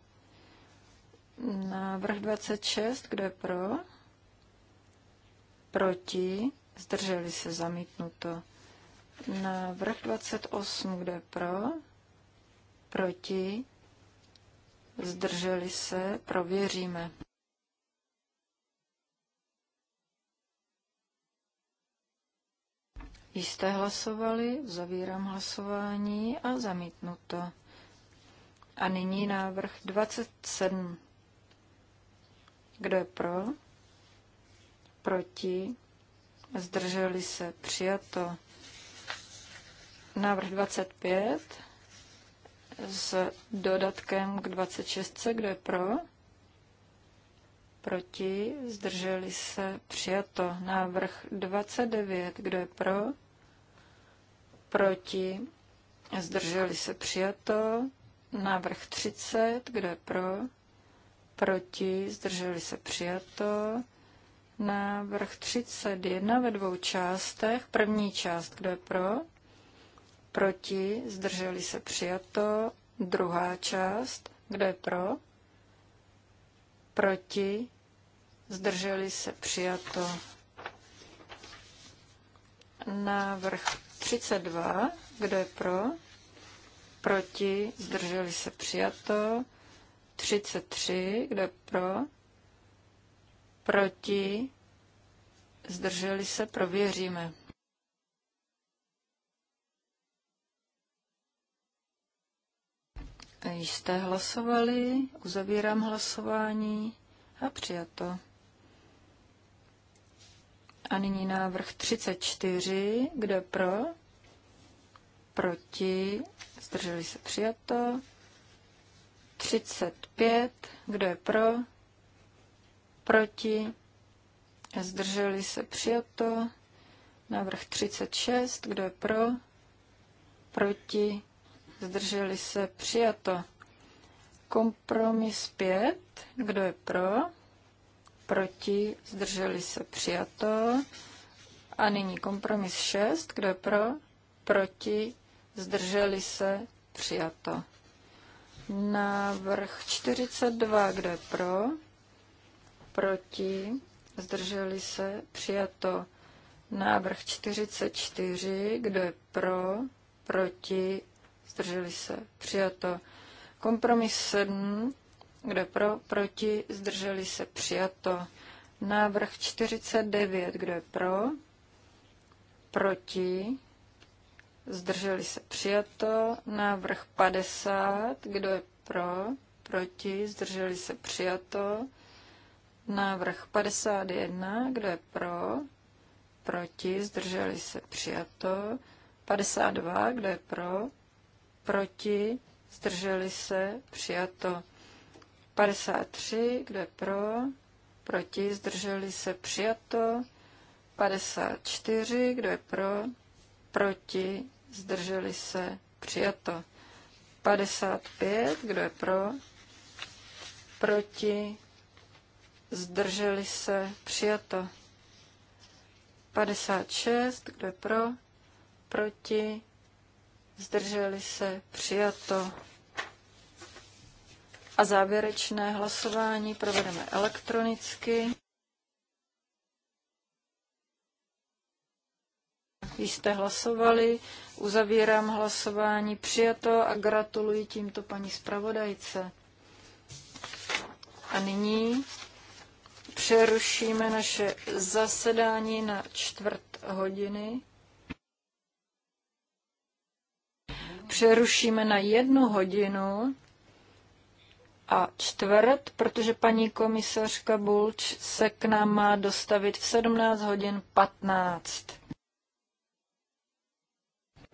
Návrh 26, kdo je pro? Proti? Zdrželi se zamítnuto. Návrh 28, kdo je pro? Proti? Zdrželi se? Prověříme. Jste hlasovali, zavírám hlasování a zamítnuto. A nyní návrh 27. Kdo je pro? Proti? Zdrželi se? Přijato. Návrh 25 s dodatkem k 26. Kdo je pro? Proti? Zdrželi se? Přijato. Návrh 29. Kdo je pro? Proti? Zdrželi se? Přijato. Návrh 30. Kdo je pro? proti, zdrželi se přijato. Návrh 31 ve dvou částech. První část, kdo je pro? Proti, zdrželi se přijato. Druhá část, kdo je pro? Proti, zdrželi se přijato. Návrh 32, kdo je pro? Proti, zdrželi se přijato. 33, kdo je pro, proti, zdrželi se, prověříme. Jste hlasovali, uzavírám hlasování a přijato. A nyní návrh 34, kde pro, proti, zdrželi se přijato. 35. Kdo je pro? Proti? Zdrželi se přijato. Návrh 36. Kdo je pro? Proti? Zdrželi se přijato. Kompromis 5. Kdo je pro? Proti? Zdrželi se přijato. A nyní kompromis 6. Kdo je pro? Proti? Zdrželi se přijato. Návrh 42, kdo je pro? Proti? Zdrželi se? Přijato. Návrh 44, kdo je pro? Proti? Zdrželi se? Přijato. Kompromis 7, kdo je pro? Proti? Zdrželi se? Přijato. Návrh 49, kdo je pro? Proti? zdrželi se přijato. Návrh 50, kdo je pro, proti, zdrželi se přijato. Návrh 51, kdo je pro, proti, zdrželi se přijato. 52, kdo je pro, proti, zdrželi se přijato. 53, kdo je pro, proti, zdrželi se přijato. 54, kdo je pro, proti, zdrželi se, přijato. 55, kdo je pro, proti, zdrželi se, přijato. 56, kdo je pro, proti, zdrželi se, přijato. A závěrečné hlasování provedeme elektronicky. Vy jste hlasovali, Uzavírám hlasování přijato a gratuluji tímto paní zpravodajce. A nyní přerušíme naše zasedání na čtvrt hodiny. Přerušíme na jednu hodinu a čtvrt, protože paní komisařka Bulč se k nám má dostavit v 17 hodin 15.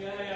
Yeah.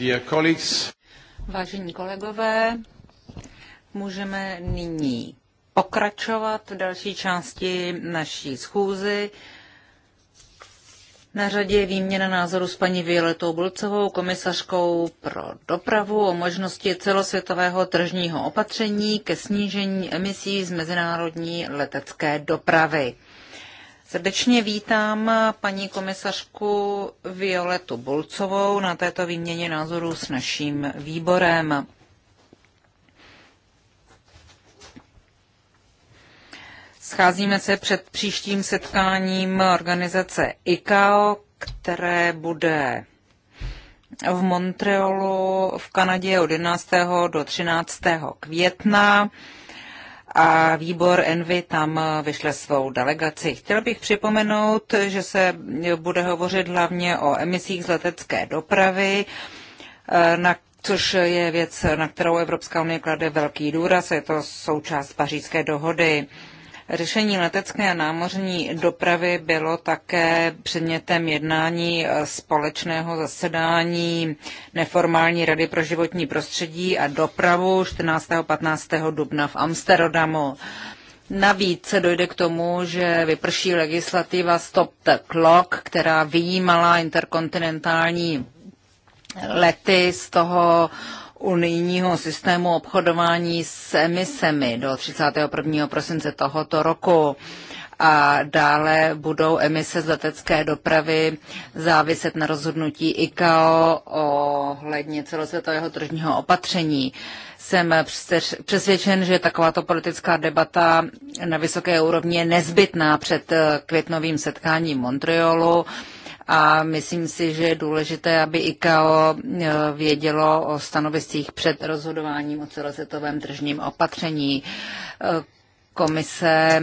Dear colleagues. Vážení kolegové, můžeme nyní pokračovat v další části naší schůzy. Na řadě je výměna názoru s paní Violetou Bulcovou, komisařkou pro dopravu o možnosti celosvětového tržního opatření ke snížení emisí z mezinárodní letecké dopravy. Srdečně vítám paní komisařku Violetu Bulcovou na této výměně názorů s naším výborem. Scházíme se před příštím setkáním organizace ICAO, které bude v Montrealu v Kanadě od 11. do 13. května a výbor Envy tam eh, vyšle svou delegaci. Chtěl bych připomenout, že se eh, bude hovořit hlavně o emisích z letecké dopravy, eh, na což je věc, na kterou Evropská unie klade velký důraz, je to součást pařížské dohody. Řešení letecké a námořní dopravy bylo také předmětem jednání eh, společného zasedání neformální Rady pro životní prostředí a dopravu 14. a 15. dubna v Amsterdamu. Navíc se dojde k tomu, že vyprší legislativa Stop the Clock, která vyjímala interkontinentální lety z toho unijního systému obchodování s emisemi do 31. prosince tohoto roku. A dále budou emise z letecké dopravy záviset na rozhodnutí ICAO ohledně celosvětového tržního opatření. Jsem přesvědčen, že takováto politická debata na vysoké úrovni je nezbytná před eh, květnovým setkáním Montrealu a myslím si, že je důležité, aby ICAO e, vědělo o stanoviscích před rozhodováním o celosvětovém tržním opatření. E, komise, e,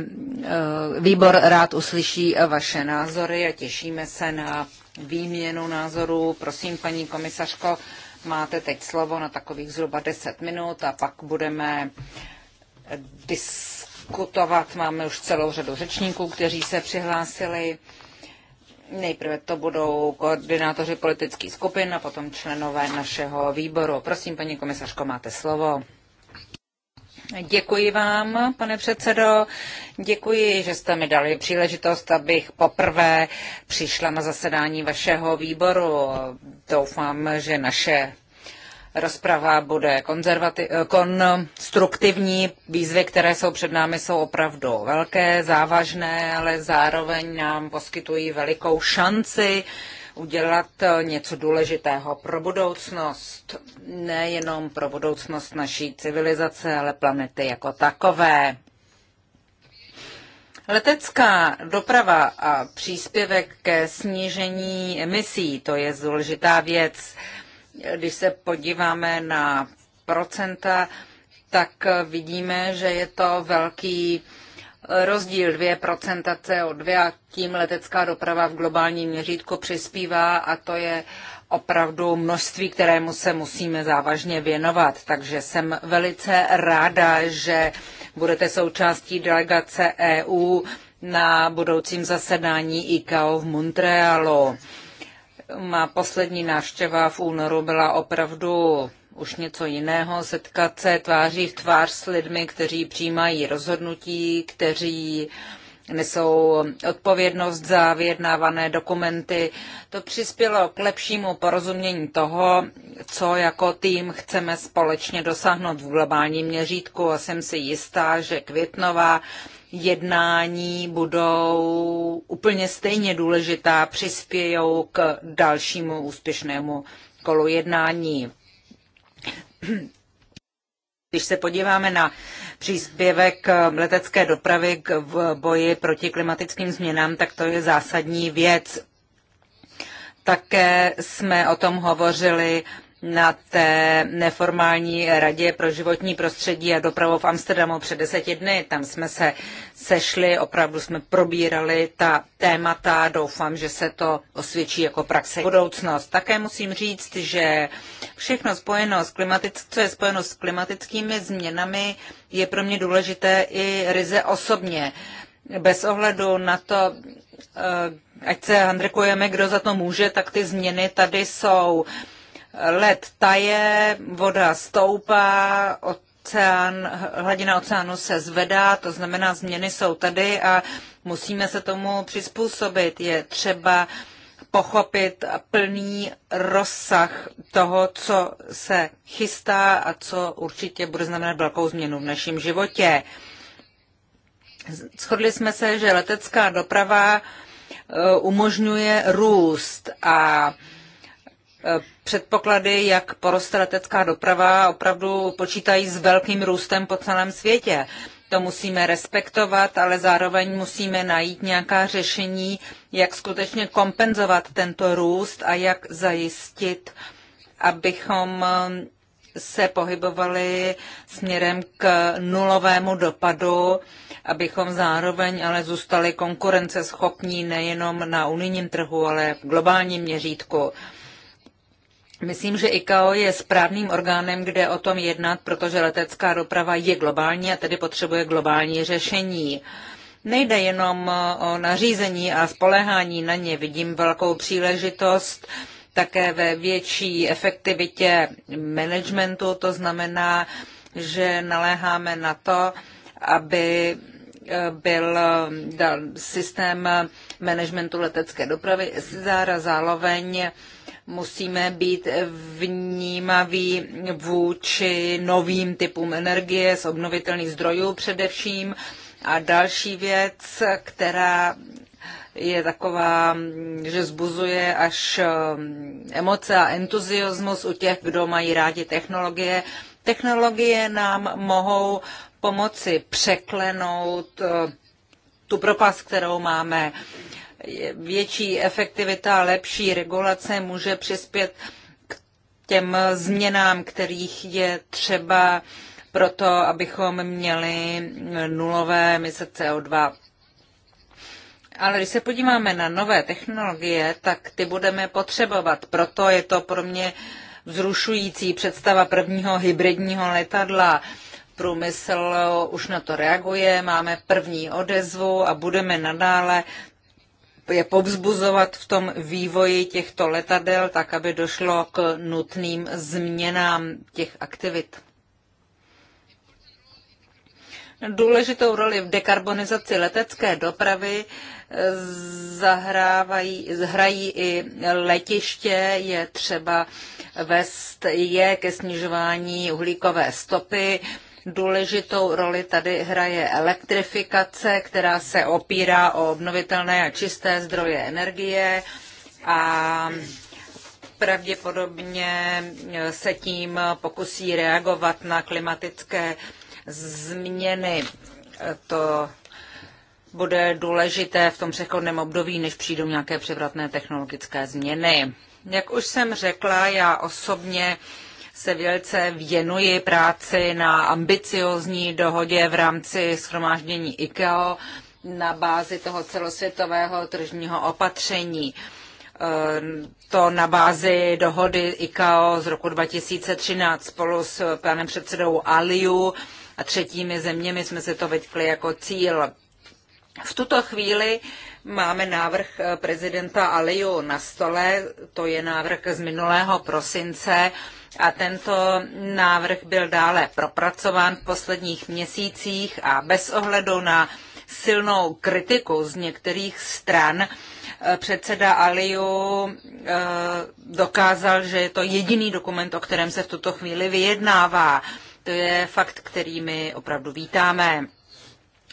výbor rád uslyší vaše názory a těšíme se na výměnu názorů. Prosím, paní komisařko, máte teď slovo na takových zhruba 10 minut a pak budeme diskutovat. Máme už celou řadu řečníků, kteří se přihlásili. Nejprve to budou koordinátoři politických skupin a potom členové našeho výboru. Prosím, paní komisařko, máte slovo. Děkuji vám, pane předsedo. Děkuji, že jste mi dali příležitost, abych poprvé přišla na zasedání vašeho výboru. Doufám, že naše Rozprava bude eh, konstruktivní. Výzvy, které jsou před námi, jsou opravdu velké, závažné, ale zároveň nám poskytují velikou šanci udělat eh, něco důležitého pro budoucnost. Nejenom pro budoucnost naší civilizace, ale planety jako takové. Letecká doprava a příspěvek ke snížení emisí, to je důležitá věc. Když se podíváme na procenta, tak vidíme, že je to velký rozdíl 2% CO2 a tím letecká doprava v globálním měřítku přispívá a to je opravdu množství, kterému se musíme závažně věnovat. Takže jsem velice ráda, že budete součástí delegace EU na budoucím zasedání ICAO v Montrealu má poslední návštěva v únoru byla opravdu už něco jiného, setkat se tváří v tvář s lidmi, kteří přijímají rozhodnutí, kteří nesou odpovědnost za vyjednávané dokumenty. To přispělo k lepšímu porozumění toho, co jako tým chceme společně dosáhnout v globálním měřítku a jsem si jistá, že květnová jednání budou úplně stejně důležitá, přispějou k dalšímu úspěšnému kolu jednání. Když se podíváme na příspěvek eh, letecké dopravy v boji proti klimatickým změnám, tak to je zásadní věc. Také jsme o tom hovořili na té neformální radě pro životní prostředí a dopravu v Amsterdamu před deseti dny. Tam jsme se sešli, opravdu jsme probírali ta témata. Doufám, že se to osvědčí jako praxe budoucnost. Také musím říct, že všechno spojeno s klimatick- co je spojeno s klimatickými změnami, je pro mě důležité i ryze osobně. Bez ohledu na to, eh, ať se handrekujeme, kdo za to může, tak ty změny tady jsou. Led taje, voda stoupá, oceán, hladina oceánu se zvedá, to znamená změny jsou tady a musíme se tomu přizpůsobit. Je třeba pochopit plný rozsah toho, co se chystá a co určitě bude znamenat velkou změnu v našem životě. Shodli jsme se, že letecká doprava e, umožňuje růst a e, předpoklady, jak poroste letecká doprava, opravdu počítají s velkým růstem po celém světě. To musíme respektovat, ale zároveň musíme najít nějaká řešení, jak skutečně kompenzovat tento růst a jak zajistit, abychom se pohybovali směrem k nulovému dopadu, abychom zároveň ale zůstali konkurenceschopní nejenom na unijním trhu, ale v globálním měřítku. Myslím, že ICAO je správným orgánem, kde o tom jednat, protože letecká doprava je globální a tedy potřebuje globální řešení. Nejde jenom o nařízení a spolehání na ně. Vidím velkou příležitost také ve větší efektivitě managementu. To znamená, že naléháme na to, aby eh, byl eh, systém managementu letecké dopravy zároveň zároveň Musíme být vnímaví vůči novým typům energie z obnovitelných zdrojů především. A další věc, která je taková, že zbuzuje až um, emoce a entuziasmus u těch, kdo mají rádi technologie. Technologie nám mohou pomoci překlenout uh, tu propast, kterou máme větší efektivita a lepší regulace může přispět k těm změnám, kterých je třeba proto, abychom měli nulové emise CO2. Ale když se podíváme na nové technologie, tak ty budeme potřebovat. Proto je to pro mě vzrušující představa prvního hybridního letadla. Průmysl už na to reaguje, máme první odezvu a budeme nadále je povzbuzovat v tom vývoji těchto letadel, tak aby došlo k nutným změnám těch aktivit. Důležitou roli v dekarbonizaci letecké dopravy eh, zahrávají, zhrají i letiště, je třeba vést je ke snižování uhlíkové stopy. Důležitou roli tady hraje elektrifikace, která se opírá o obnovitelné a čisté zdroje energie a pravděpodobně e, se tím pokusí reagovat na klimatické změny. E, to bude důležité v tom přechodném období, než přijdou nějaké převratné technologické změny. Jak už jsem řekla, já osobně uh, se velice věnuji práci na ambiciozní dohodě v rámci schromáždění ICAO na bázi toho celosvětového tržního opatření. Eh, to na bázi dohody ICAO z roku 2013 spolu s panem předsedou Aliu a třetími zeměmi jsme se to vytkli jako cíl. V tuto chvíli Máme návrh eh, prezidenta Aliu na stole, to je návrh z minulého prosince a tento návrh byl dále propracován v posledních měsících a bez ohledu na silnou kritiku z některých stran eh, předseda Aliu eh, dokázal, že je to jediný dokument, o kterém se v tuto chvíli vyjednává. To je fakt, který my opravdu vítáme.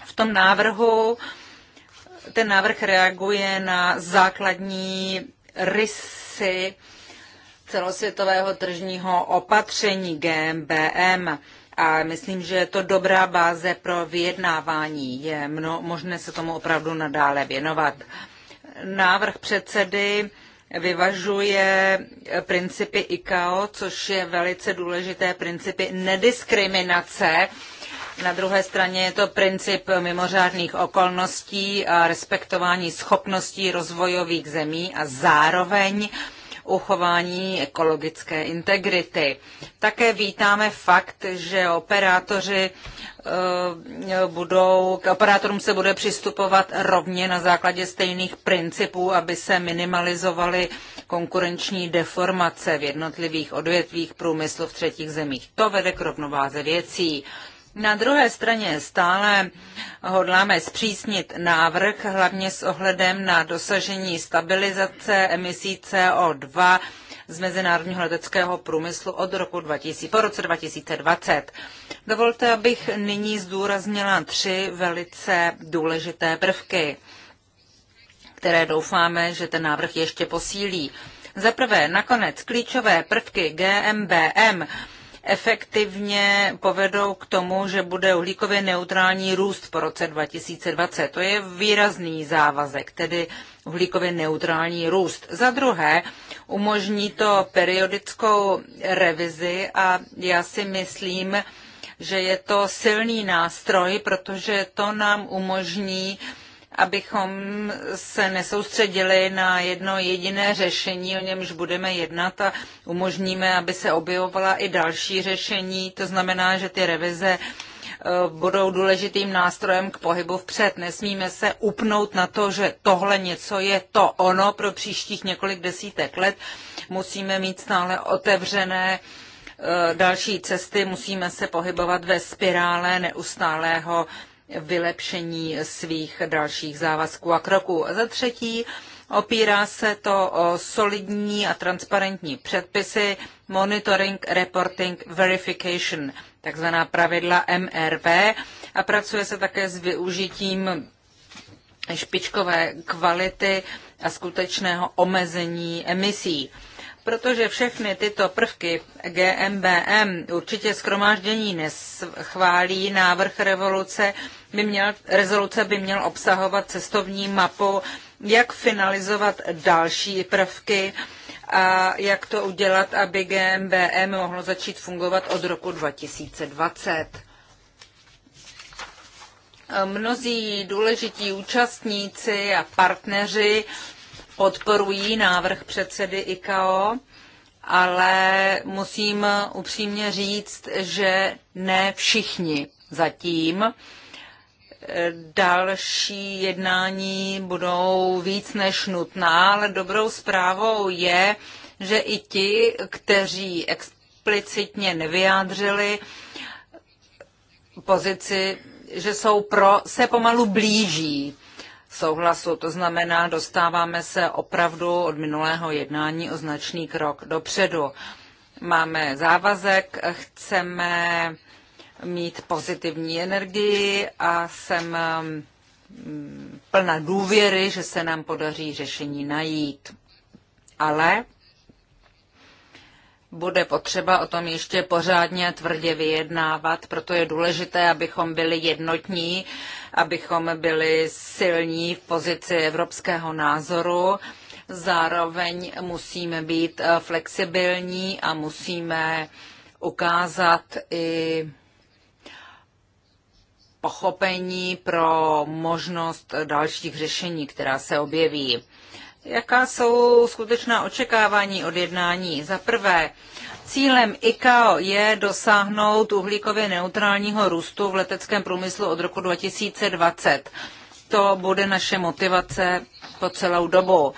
V tom návrhu ten návrh reaguje na základní rysy celosvětového tržního opatření GMBM. A myslím, že je to dobrá báze pro vyjednávání. Je mno, možné se tomu opravdu nadále věnovat. Návrh předsedy vyvažuje principy ICAO, což je velice důležité principy nediskriminace na druhé straně je to princip mimořádných okolností a respektování schopností rozvojových zemí a zároveň uchování ekologické integrity. Také vítáme fakt, že operátoři eh, budou, k operátorům se bude přistupovat rovně na základě stejných principů, aby se minimalizovaly konkurenční deformace v jednotlivých odvětvích průmyslu v třetích zemích. To vede k rovnováze věcí. Na druhé straně stále hodláme zpřísnit návrh, hlavně s ohledem na dosažení stabilizace emisí CO2 z mezinárodního leteckého průmyslu od roku 2000, po roce 2020. Dovolte, abych nyní zdůraznila tři velice důležité prvky, které doufáme, že ten návrh ještě posílí. Za prvé, nakonec klíčové prvky GMBM efektivně povedou k tomu, že bude uhlíkově neutrální růst po roce 2020. To je výrazný závazek, tedy uhlíkově neutrální růst. Za druhé, umožní to periodickou revizi a já si myslím, že je to silný nástroj, protože to nám umožní uh, abychom se nesoustředili na jedno jediné řešení, o němž budeme jednat a umožníme, aby se objevovala i další řešení. To znamená, že ty revize eh, budou důležitým nástrojem k pohybu vpřed. Nesmíme se upnout na to, že tohle něco je to ono pro příštích několik desítek let. Musíme mít stále otevřené eh, další cesty, musíme se pohybovat ve spirále neustálého vylepšení svých dalších závazků a kroků. Za třetí, opírá se to o solidní a transparentní předpisy, monitoring, reporting, verification, takzvaná pravidla MRV a pracuje se také s využitím špičkové kvality a skutečného omezení emisí. Protože všechny tyto prvky GMBM určitě schromáždění neschválí, návrh revoluce by měl, rezoluce by měl obsahovat cestovní mapu, jak finalizovat další prvky a jak to udělat, aby GMBM mohlo začít fungovat od roku 2020. Mnozí důležití účastníci a partneři podporují návrh předsedy ICAO, ale musím upřímně říct, že ne všichni zatím. Další jednání budou víc než nutná, ale dobrou zprávou je, že i ti, kteří explicitně nevyjádřili pozici, že jsou pro, se pomalu blíží souhlasu. To znamená, dostáváme se opravdu od minulého jednání o značný krok dopředu. Máme závazek, chceme mít pozitivní energii a jsem um, plna důvěry, že se nám podaří řešení najít. Ale bude potřeba o tom ještě pořádně tvrdě vyjednávat, proto je důležité, abychom byli jednotní, abychom byli silní v pozici evropského názoru. Zároveň musíme být eh, flexibilní a musíme ukázat i pochopení pro možnost dalších řešení, která se objeví. Jaká jsou skutečná očekávání od jednání? Za prvé, cílem ICAO je dosáhnout uhlíkově neutrálního růstu v leteckém průmyslu od roku 2020. To bude naše motivace po celou dobu.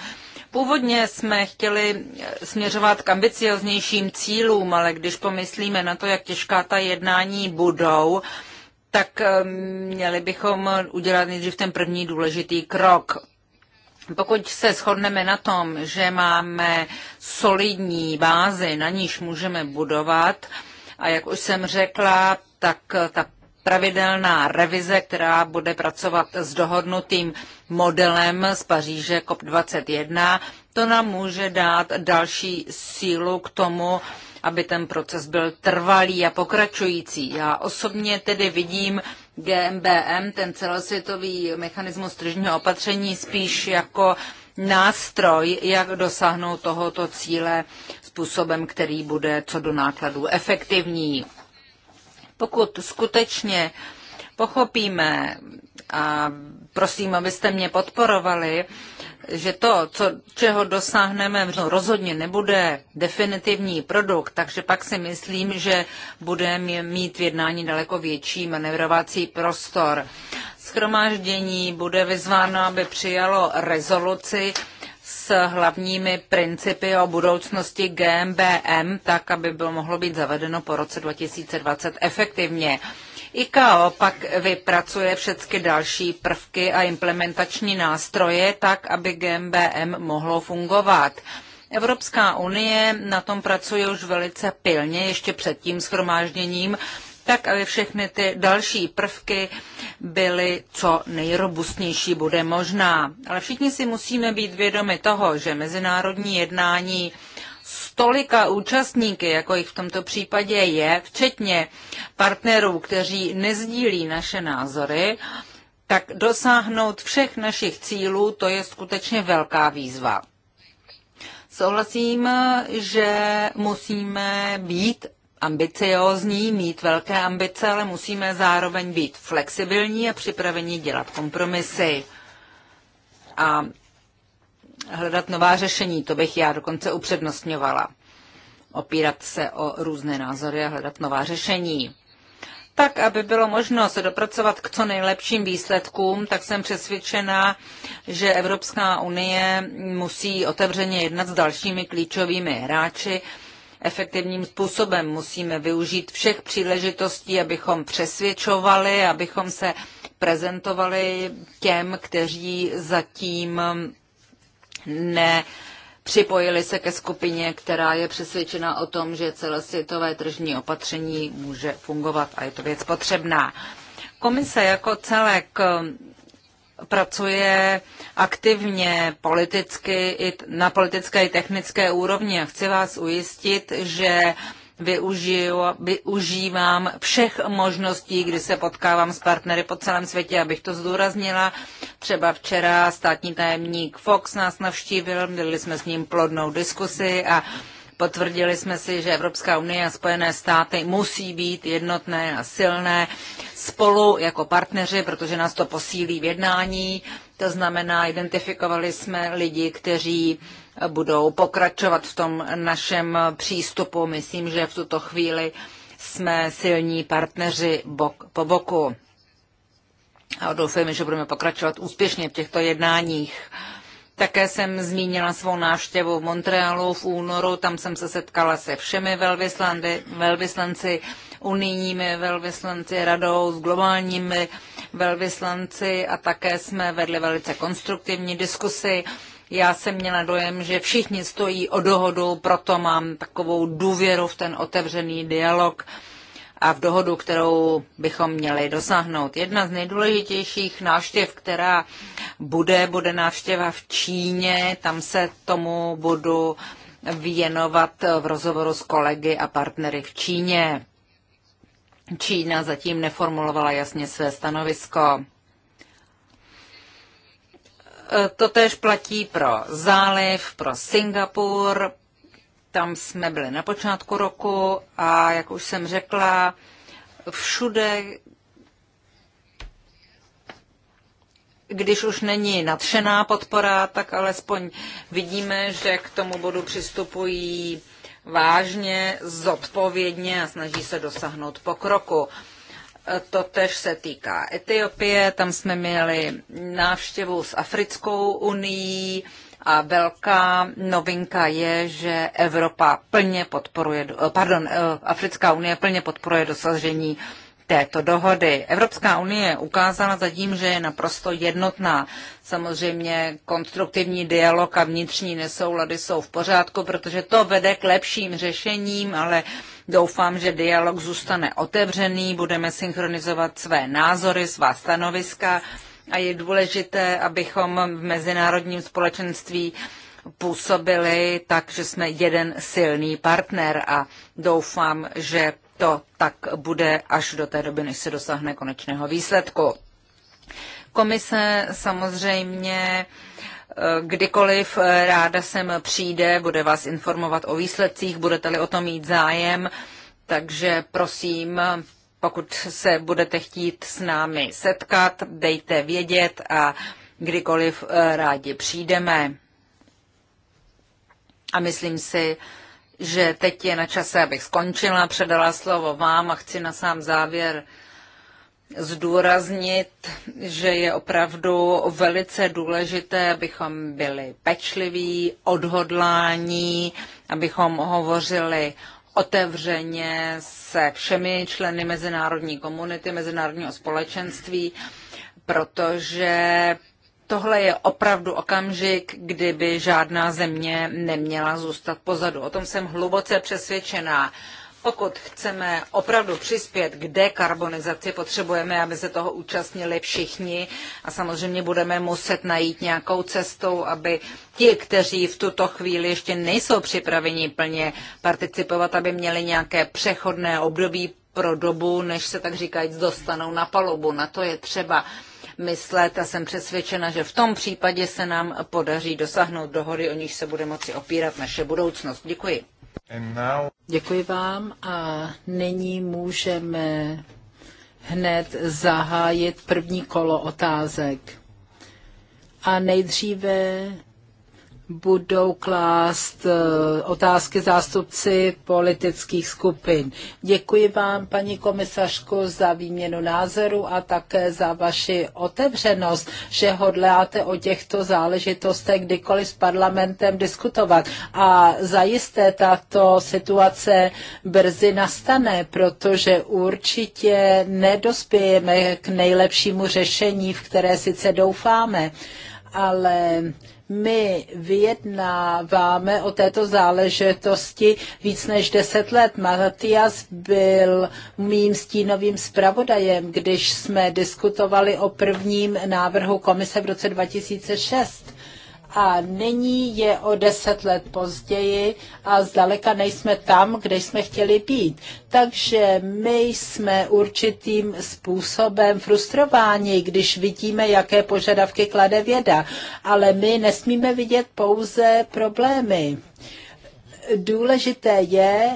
Původně jsme chtěli směřovat k ambicioznějším cílům, ale když pomyslíme na to, jak těžká ta jednání budou, tak eh, měli bychom udělat nejdřív ten první důležitý krok. Pokud se shodneme na tom, že máme solidní bázi, na níž můžeme budovat, a jak už jsem řekla, tak ta pravidelná revize, která bude pracovat s dohodnutým modelem z Paříže COP21, to nám může dát další sílu k tomu, aby ten proces byl trvalý a pokračující. Já osobně tedy vidím GMBM, ten celosvětový mechanismus tržního opatření, spíš jako nástroj, jak dosáhnout tohoto cíle způsobem, který bude co do nákladů efektivní. Pokud skutečně pochopíme a prosím, abyste mě podporovali, že to, co, čeho dosáhneme, no, rozhodně nebude definitivní produkt, takže pak si myslím, že budeme mít v jednání daleko větší manevrovací prostor. Schromáždění bude vyzváno, aby přijalo rezoluci s hlavními principy o budoucnosti GMBM, tak aby bylo mohlo být zavedeno po roce 2020 efektivně. ICAO pak vypracuje všechny další prvky a implementační nástroje tak, aby GMBM mohlo fungovat. Evropská unie na tom pracuje už velice pilně, ještě před tím schromážděním, tak aby všechny ty další prvky byly co nejrobustnější bude možná. Ale všichni si musíme být vědomi toho, že mezinárodní jednání tolika účastníky, jako jich v tomto případě je, včetně partnerů, kteří nezdílí naše názory, tak dosáhnout všech našich cílů, to je skutečně velká výzva. Souhlasím, že musíme být ambiciózní, mít velké ambice, ale musíme zároveň být flexibilní a připraveni dělat kompromisy. A hledat nová řešení. To bych já dokonce upřednostňovala. Opírat se o různé názory a hledat nová řešení. Tak, aby bylo možno se dopracovat k co nejlepším výsledkům, tak jsem přesvědčena, že Evropská unie musí otevřeně jednat s dalšími klíčovými hráči. Efektivním způsobem musíme využít všech příležitostí, abychom přesvědčovali, abychom se prezentovali těm, kteří zatím ne připojili se ke skupině, která je přesvědčena o tom, že celosvětové tržní opatření může fungovat a je to věc potřebná. Komise jako celek eh, pracuje aktivně politicky i na politické i technické úrovni a chci vás ujistit, že využiju, využívám všech možností, kdy se potkávám s partnery po celém světě, abych to zdůraznila. Třeba včera státní tajemník Fox nás navštívil, měli jsme s ním plodnou diskusi a Potvrdili jsme si, že Evropská unie a Spojené státy musí být jednotné a silné spolu jako partneři, protože nás to posílí v jednání. To znamená, identifikovali jsme lidi, kteří budou pokračovat v tom našem přístupu. Myslím, že v tuto chvíli jsme silní partneři bok po boku. A doufám, že budeme pokračovat úspěšně v těchto jednáních. Také jsem zmínila svou návštěvu v Montrealu v únoru, tam jsem se setkala se všemi velvyslanci, unijními velvyslanci, radou, s globálními velvyslanci a také jsme vedli velice konstruktivní diskusy já jsem měla dojem, že všichni stojí o dohodu, proto mám takovou důvěru v ten otevřený dialog a v dohodu, kterou bychom měli dosáhnout. Jedna z nejdůležitějších návštěv, která bude, bude návštěva v Číně. Tam se tomu budu věnovat v rozhovoru s kolegy a partnery v Číně. Čína zatím neformulovala jasně své stanovisko. To tež platí pro záliv, pro Singapur. Tam jsme byli na počátku roku a, jak už jsem řekla, všude, když už není nadšená podpora, tak alespoň vidíme, že k tomu bodu přistupují vážně, zodpovědně a snaží se dosáhnout pokroku. To tež se týká Etiopie, tam jsme měli návštěvu s Africkou unii a velká novinka je, že Evropa plně podporuje, eh, pardon, eh, Africká unie plně podporuje dosažení této dohody. Evropská unie ukázala zatím, že je naprosto jednotná. Samozřejmě konstruktivní dialog a vnitřní nesoulady jsou v pořádku, protože to vede k lepším řešením, ale uh, Doufám, že dialog zůstane otevřený, budeme synchronizovat své názory, svá stanoviska a je důležité, abychom v mezinárodním společenství působili tak, že jsme jeden silný partner a doufám, že to tak bude až do té doby, než se dosáhne konečného výsledku. Komise samozřejmě Eh, kdykoliv eh, ráda sem přijde, bude vás informovat o výsledcích, budete-li o tom mít zájem, takže prosím, pokud se budete chtít s námi setkat, dejte vědět a kdykoliv eh, rádi přijdeme. A myslím si, že teď je na čase, abych skončila, předala slovo vám a chci na sám závěr zdůraznit, že je opravdu velice důležité, abychom byli pečliví, odhodlání, abychom hovořili otevřeně se všemi členy mezinárodní komunity, mezinárodního společenství, protože tohle je opravdu okamžik, kdyby žádná země neměla zůstat pozadu. O tom jsem hluboce přesvědčená. Pokud chceme opravdu přispět k dekarbonizaci, potřebujeme, aby se toho účastnili všichni a samozřejmě budeme muset najít nějakou cestou, aby ti, kteří v tuto chvíli ještě nejsou připraveni plně participovat, aby měli nějaké přechodné období pro dobu, než se tak říkajíc dostanou na palubu. Na to je třeba myslet a jsem přesvědčena, že v tom případě se nám podaří dosáhnout dohody, o níž se bude moci opírat naše budoucnost. Děkuji. Děkuji vám a nyní můžeme hned zahájit první kolo otázek. A nejdříve budou klást eh, otázky zástupci politických skupin. Děkuji vám, paní komisařko, za výměnu názoru a také za vaši otevřenost, že hodláte o těchto záležitostech kdykoliv s parlamentem diskutovat. A zajisté tato situace brzy nastane, protože určitě nedospějeme k nejlepšímu řešení, v které sice doufáme, ale my vyjednáváme o této záležitosti víc než deset let. Matias byl mým stínovým zpravodajem, když jsme diskutovali o prvním návrhu komise v roce 2006 a nyní je o deset let později a zdaleka nejsme tam, kde jsme chtěli být. Takže my jsme určitým způsobem frustrováni, když vidíme, jaké požadavky klade věda, ale my nesmíme vidět pouze problémy. Důležité je,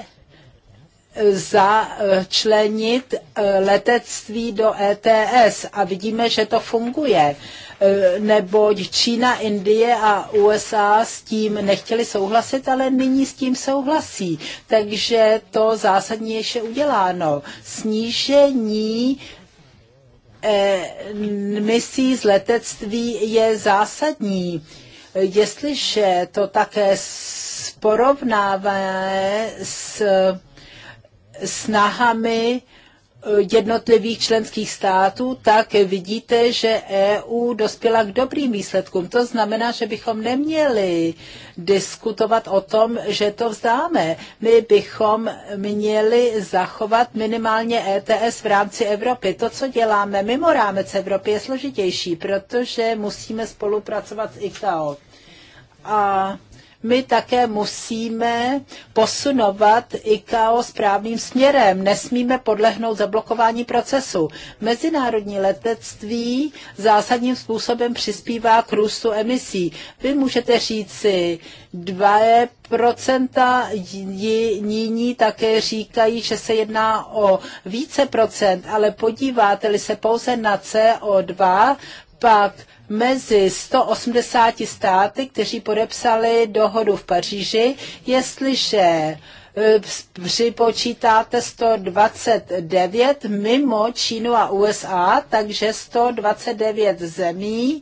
začlenit letectví do ETS a vidíme, že to funguje. Eh, neboť Čína, Indie a USA s tím nechtěli souhlasit, ale nyní s tím souhlasí. Takže to zásadně zásadnější uděláno. Snížení eh, misí z letectví je zásadní. Jestliže to také porovnáváme s snahami Eh, jednotlivých členských států, tak vidíte, že EU dospěla k dobrým výsledkům. To znamená, že bychom neměli diskutovat o tom, že to vzdáme. My bychom měli zachovat minimálně ETS v rámci Evropy. To, co děláme mimo rámec Evropy, je složitější, protože musíme spolupracovat s ICAO. A my také musíme posunovat ICAO správným směrem. Nesmíme podlehnout zablokování procesu. Mezinárodní letectví zásadním způsobem přispívá k růstu emisí. Vy můžete říci, 2 procenta jiní také říkají, že se jedná o více procent, ale podíváte-li se pouze na CO2, pak mezi 180 státy, kteří podepsali dohodu v Paříži, jestliže e, připočítáte 129 mimo Čínu a USA, takže 129 zemí,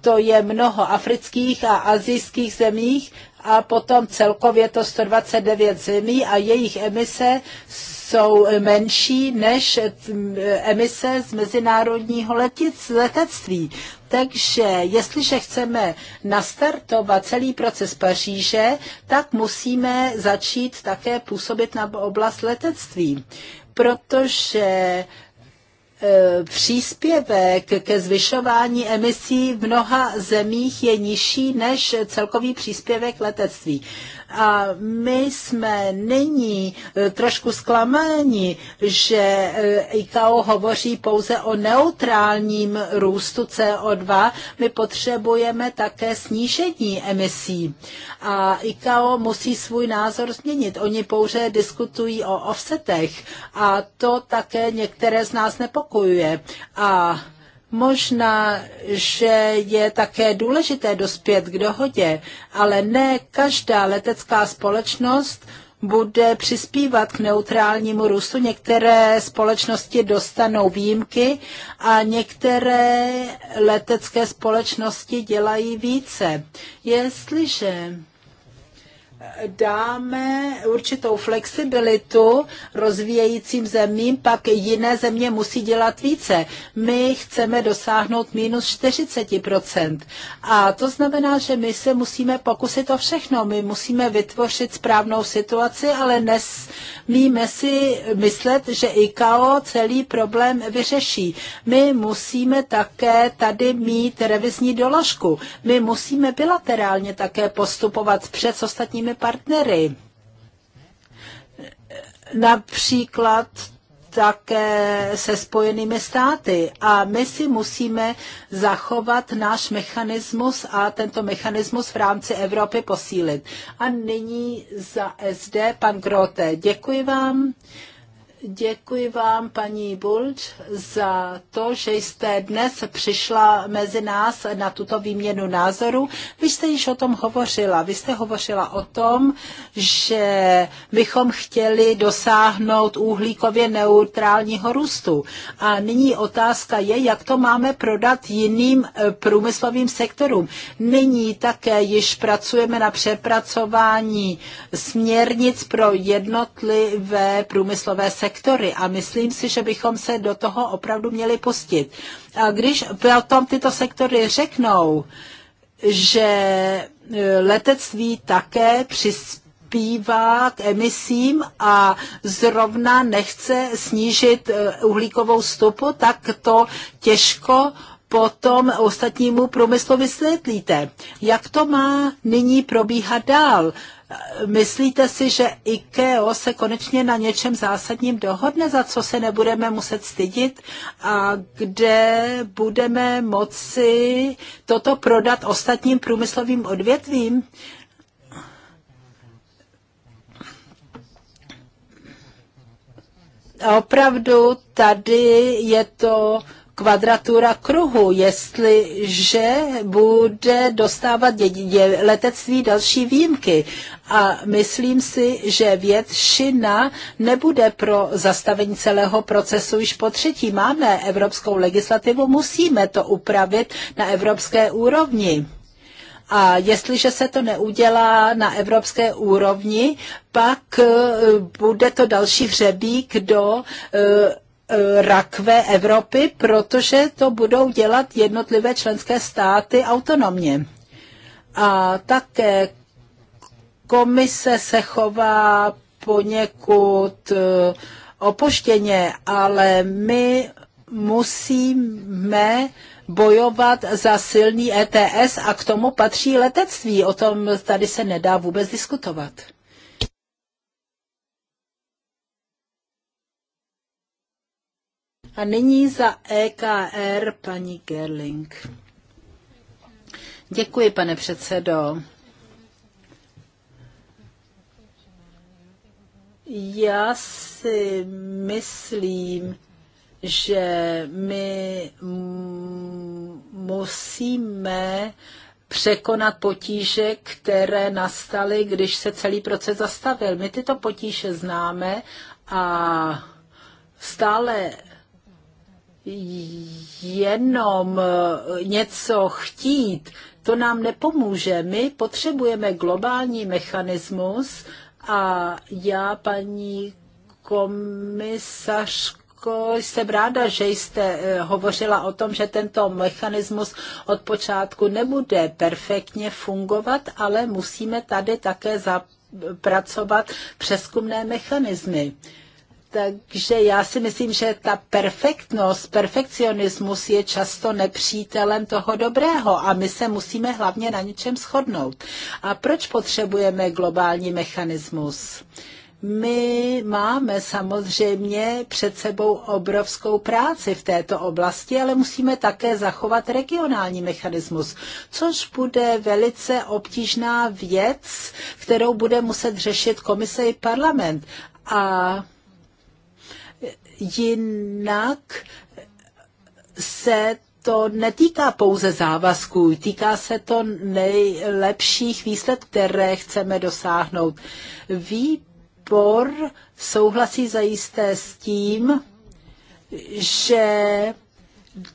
to je mnoho afrických a azijských zemích a potom celkově to 129 zemí a jejich emise jsou menší než emise z mezinárodního letic, letectví. Takže jestliže chceme nastartovat celý proces Paříže, tak musíme začít také působit na oblast letectví, protože e, příspěvek ke zvyšování emisí v mnoha zemích je nižší než celkový příspěvek letectví. A my jsme nyní e, trošku zklamáni, že e, ICAO hovoří pouze o neutrálním růstu CO2. My potřebujeme také snížení emisí. A ICAO musí svůj názor změnit. Oni pouze diskutují o offsetech a to také některé z nás nepokojuje. A Možná, že je také důležité dospět k dohodě, ale ne každá letecká společnost bude přispívat k neutrálnímu růstu. Některé společnosti dostanou výjimky a některé letecké společnosti dělají více. Jestliže dáme určitou flexibilitu rozvíjejícím zemím, pak jiné země musí dělat více. My chceme dosáhnout minus 40%. A to znamená, že my se musíme pokusit o všechno. My musíme vytvořit správnou situaci, ale nes, Míme si myslet, že ICAO celý problém vyřeší. My musíme také tady mít revizní doložku. My musíme bilaterálně také postupovat před ostatními partnery. Například také se spojenými státy. A my si musíme zachovat náš mechanismus a tento mechanismus v rámci Evropy posílit. A nyní za SD pan Grote. Děkuji vám. Děkuji vám, paní Bulč, za to, že jste dnes přišla mezi nás na tuto výměnu názoru. Vy jste již o tom hovořila. Vy jste hovořila o tom, že bychom chtěli dosáhnout uhlíkově neutrálního růstu. A nyní otázka je, jak to máme prodat jiným eh, průmyslovým sektorům. Nyní také již pracujeme na přepracování směrnic pro jednotlivé průmyslové sektory sektory a myslím si, že bychom se do toho opravdu měli pustit. A když potom tyto sektory řeknou, že e, letectví také přispívá k emisím a zrovna nechce snížit e, uhlíkovou stopu, tak to těžko potom ostatnímu průmyslu vysvětlíte. Jak to má nyní probíhat dál? Myslíte si, že IKEO se konečně na něčem zásadním dohodne, za co se nebudeme muset stydit a kde budeme moci toto prodat ostatním průmyslovým odvětvím? A opravdu tady je to kvadratura kruhu, jestliže bude dostávat dě, dě, letectví další výjimky. A myslím si, že většina nebude pro zastavení celého procesu již po třetí. Máme evropskou legislativu, musíme to upravit na evropské úrovni. A jestliže se to neudělá na evropské úrovni, pak eh, bude to další hřebík do eh, E, rakve Evropy, protože to budou dělat jednotlivé členské státy autonomně. A také komise se chová poněkud e, opoštěně, ale my musíme bojovat za silný ETS a k tomu patří letectví. O tom tady se nedá vůbec diskutovat. A nyní za EKR paní Gerling. Děkuji, pane předsedo. Já si myslím, že my musíme překonat potíže, které nastaly, když se celý proces zastavil. My tyto potíže známe a stále jenom eh, něco chtít, to nám nepomůže. My potřebujeme globální mechanismus a já, paní komisařko, jsem ráda, že jste eh, hovořila o tom, že tento mechanismus od počátku nebude perfektně fungovat, ale musíme tady také zapracovat eh, přeskumné mechanismy. Takže já si myslím, že ta perfektnost, perfekcionismus je často nepřítelem toho dobrého a my se musíme hlavně na něčem shodnout. A proč potřebujeme globální mechanismus? My máme samozřejmě před sebou obrovskou práci v této oblasti, ale musíme také zachovat regionální mechanismus, což bude velice obtížná věc, kterou bude muset řešit komise i parlament. A jinak se to netýká pouze závazků, týká se to nejlepších výsledků, které chceme dosáhnout. Výbor souhlasí zajisté s tím, že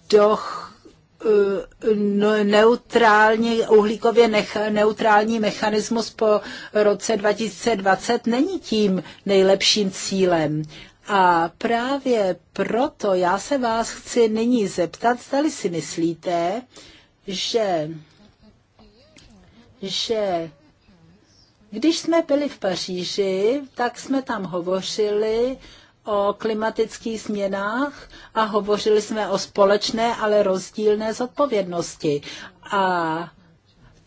doch eh, no, neutrální, uhlíkově nech, neutrální mechanismus po roce 2020 není tím nejlepším cílem. A právě proto já se vás chci nyní zeptat, zdali si myslíte, že, že když jsme byli v Paříži, tak jsme tam hovořili o klimatických změnách a hovořili jsme o společné, ale rozdílné zodpovědnosti. A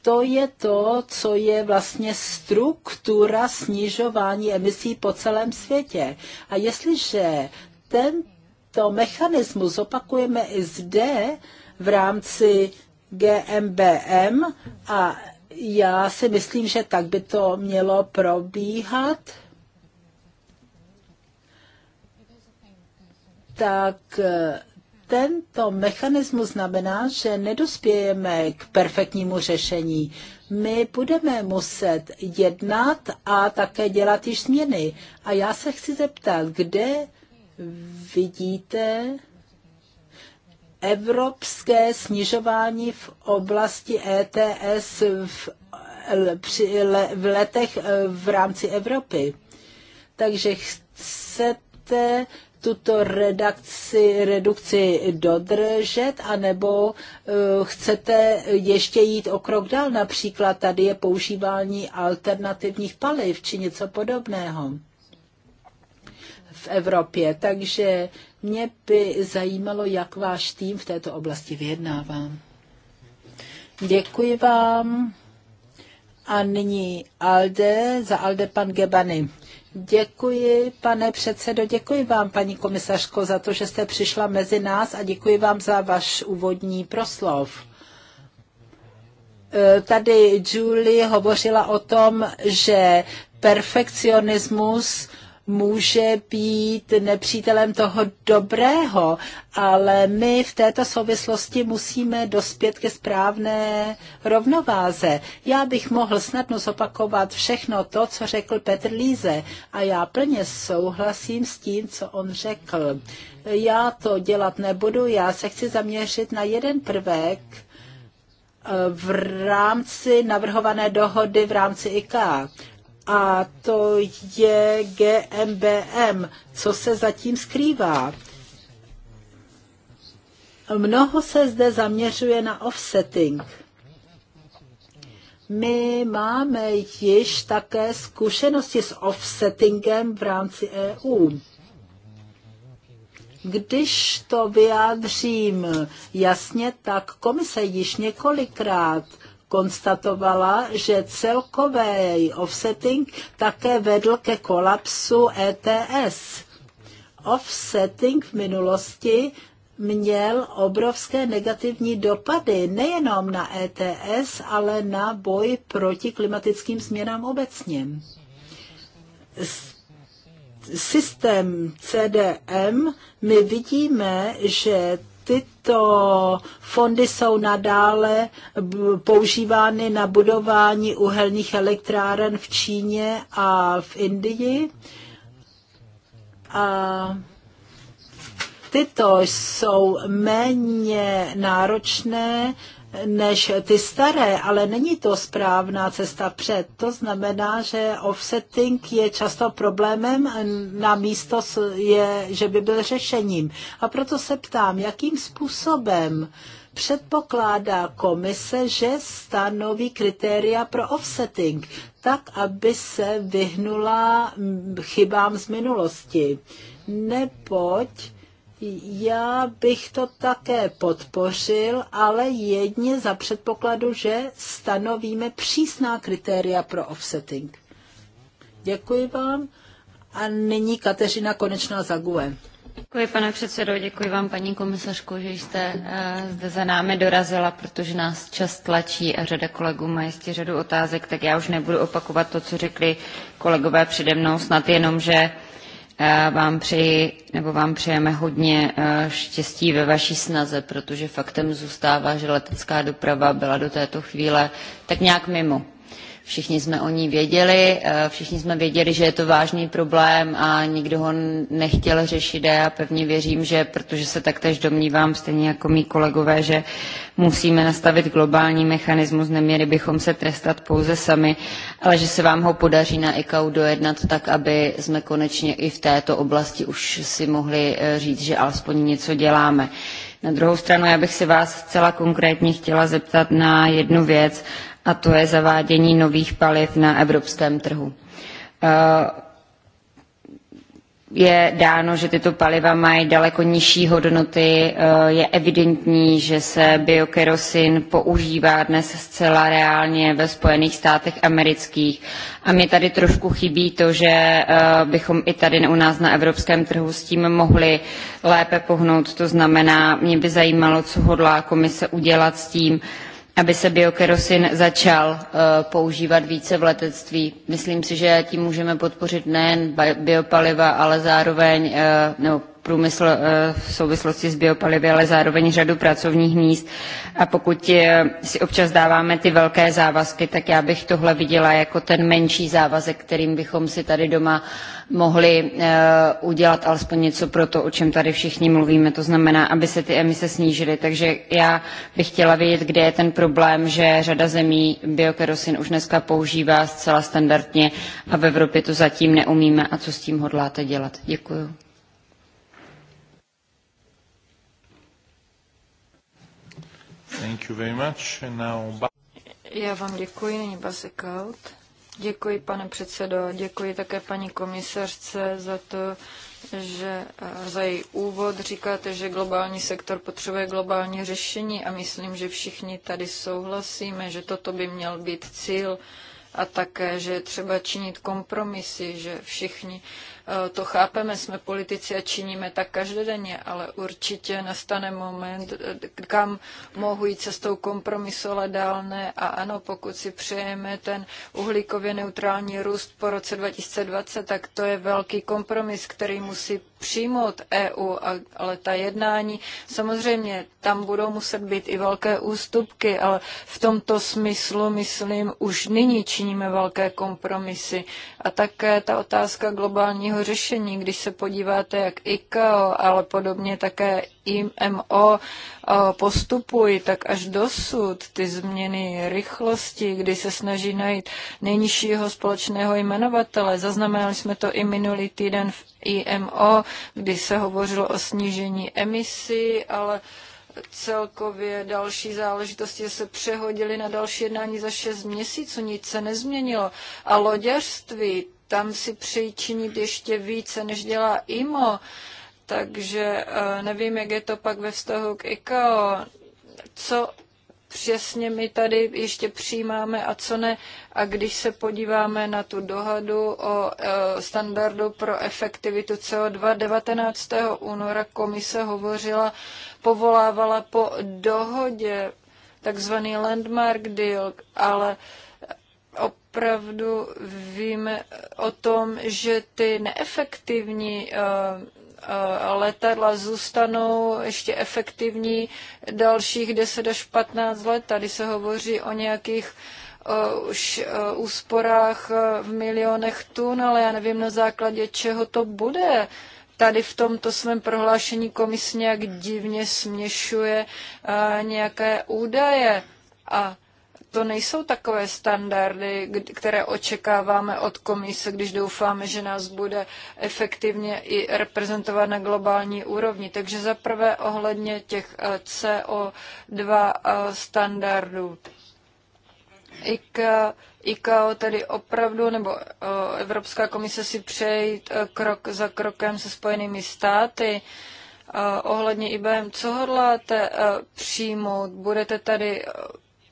to je to, co je vlastně struktura snižování emisí po celém světě. A jestliže tento mechanismus opakujeme i zde v rámci GMBM a já si myslím, že tak by to mělo probíhat, tak tento mechanismus znamená, že nedospějeme k perfektnímu řešení. My budeme muset jednat a také dělat již změny. A já se chci zeptat, kde vidíte evropské snižování v oblasti ETS v, v letech eh, v rámci Evropy. Takže chcete tuto redakci, redukci dodržet, anebo uh, chcete ještě jít o krok dál? Například tady je používání alternativních paliv či něco podobného v Evropě. Takže mě by zajímalo, jak váš tým v této oblasti vyjednává. Děkuji vám. A nyní Alde, za Alde pan Gebany. Děkuji, pane předsedo, děkuji vám, paní komisařko, za to, že jste přišla mezi nás a děkuji vám za váš úvodní proslov. E, tady Julie hovořila o tom, že perfekcionismus může být nepřítelem toho dobrého, ale my v této souvislosti musíme dospět ke správné rovnováze. Já bych mohl snadno zopakovat všechno to, co řekl Petr Líze a já plně souhlasím s tím, co on řekl. Já to dělat nebudu, já se chci zaměřit na jeden prvek, eh, v rámci navrhované dohody v rámci IKA a to je GMBM. Co se zatím skrývá? Mnoho se zde zaměřuje na offsetting. My máme již také zkušenosti s offsettingem v rámci EU. Když to vyjádřím jasně, tak komise již několikrát konstatovala, že celkový offsetting také vedl ke kolapsu ETS. Offsetting v minulosti měl obrovské negativní dopady nejenom na ETS, ale na boj proti klimatickým změnám obecně. Systém CDM my vidíme, že tyto fondy jsou nadále používány na budování uhelných elektráren v Číně a v Indii. A tyto jsou méně náročné než ty staré, ale není to správná cesta před. To znamená, že offsetting je často problémem, na místo je, že by byl řešením. A proto se ptám, jakým způsobem předpokládá komise, že stanoví kritéria pro offsetting, tak, aby se vyhnula chybám z minulosti. Neboť já bych to také podpořil, ale jedně za předpokladu, že stanovíme přísná kritéria pro offsetting. Děkuji vám. A nyní Kateřina Konečná Zague. Děkuji, pane předsedo, děkuji vám, paní komisařko, že jste eh, zde za námi dorazila, protože nás čas tlačí a řada kolegů má jistě řadu otázek, tak já už nebudu opakovat to, co řekli kolegové přede mnou, snad jenom, že vám přeji, nebo vám přejeme hodně eh, štěstí ve vaší snaze, protože faktem zůstává, že letecká doprava byla do této chvíle tak nějak mimo Všichni jsme o ní věděli, eh, všichni jsme věděli, že je to vážný problém a nikdo ho nechtěl řešit a já pevně věřím, že protože se taktéž domnívám, stejně jako mý kolegové, že musíme nastavit globální mechanismus, neměli bychom se trestat pouze sami, ale že se vám ho podaří na ICAO dojednat tak, aby jsme konečně i v této oblasti už si mohli eh, říct, že alespoň něco děláme. Na druhou stranu já bych se vás zcela konkrétně chtěla zeptat na jednu věc a to je zavádění nových paliv na evropském trhu. Eh, je dáno, že tyto paliva mají daleko nižší hodnoty. Eh, je evidentní, že se biokerosin používá dnes zcela reálně ve Spojených státech amerických. A mě tady trošku chybí to, že eh, bychom i tady u nás na evropském trhu s tím mohli lépe pohnout. To znamená, mě by zajímalo, co hodlá komise udělat s tím, aby se biokerosin začal eh, používat více v letectví. Myslím si, že tím můžeme podpořit nejen biopaliva, ale zároveň, eh, nebo průmysl eh, v souvislosti s biopalivy, ale zároveň řadu pracovních míst. A pokud eh, si občas dáváme ty velké závazky, tak já bych tohle viděla jako ten menší závazek, kterým bychom si tady doma mohli eh, udělat alespoň něco pro to, o čem tady všichni mluvíme, to znamená, aby se ty emise snížily. Takže já bych chtěla vědět, kde je ten problém, že řada zemí biokerosin už dneska používá zcela standardně a v Evropě to zatím neumíme a co s tím hodláte dělat. Děkuju. Thank you very much. now... Já vám děkuji, není Basikaut. Děkuji, pane předsedo, děkuji také paní komisařce za to, že za její úvod říkáte, že globální sektor potřebuje globální řešení a myslím, že všichni tady souhlasíme, že toto by měl být cíl a také, že je třeba činit kompromisy, že všichni Eh, to chápeme, jsme politici a činíme tak každodenně, ale určitě nastane moment, eh, kam mohu jít cestou kompromisu, ale dál ne. A ano, pokud si přejeme ten uhlíkově neutrální růst po roce 2020, tak to je velký kompromis, který musí přijmout EU, ale ta jednání, samozřejmě tam budou muset být i velké ústupky, ale v tomto smyslu, myslím, už nyní činíme velké kompromisy. A také ta otázka globálního řešení, když se podíváte, jak ICAO, ale podobně také IMO postupují, tak až dosud ty změny rychlosti, kdy se snaží najít nejnižšího společného jmenovatele. Zaznamenali jsme to i minulý týden v IMO, kdy se hovořilo o snížení emisí, ale celkově další záležitosti se přehodily na další jednání za 6 měsíců, nic se nezměnilo. A loďařství, tam si přejí činit ještě více, než dělá IMO. Takže eh, nevím, jak je to pak ve vztahu k ICAO. Co přesně my tady ještě přijímáme a co ne. A když se podíváme na tu dohadu o eh, standardu pro efektivitu CO2 19. února komise hovořila, povolávala po dohodě takzvaný landmark deal, ale opravdu víme o tom, že ty neefektivní eh, Eh, letadla zůstanou ještě efektivní dalších 10 až 15 let. Tady se hovoří o nějakých eh, už eh, úsporách v milionech tun, ale já nevím na základě čeho to bude. Tady v tomto svém prohlášení komis nějak divně směšuje nějaké údaje. A to nejsou takové standardy, které očekáváme od komise, když doufáme, že nás bude efektivně i reprezentovat na globální úrovni. Takže zaprvé ohledně těch eh, CO2 eh, standardů. ICAO, tedy opravdu, nebo eh, Evropská komise si přeje krok za krokem se spojenými státy ohledně IBM. Co hodláte přijmout? Budete tady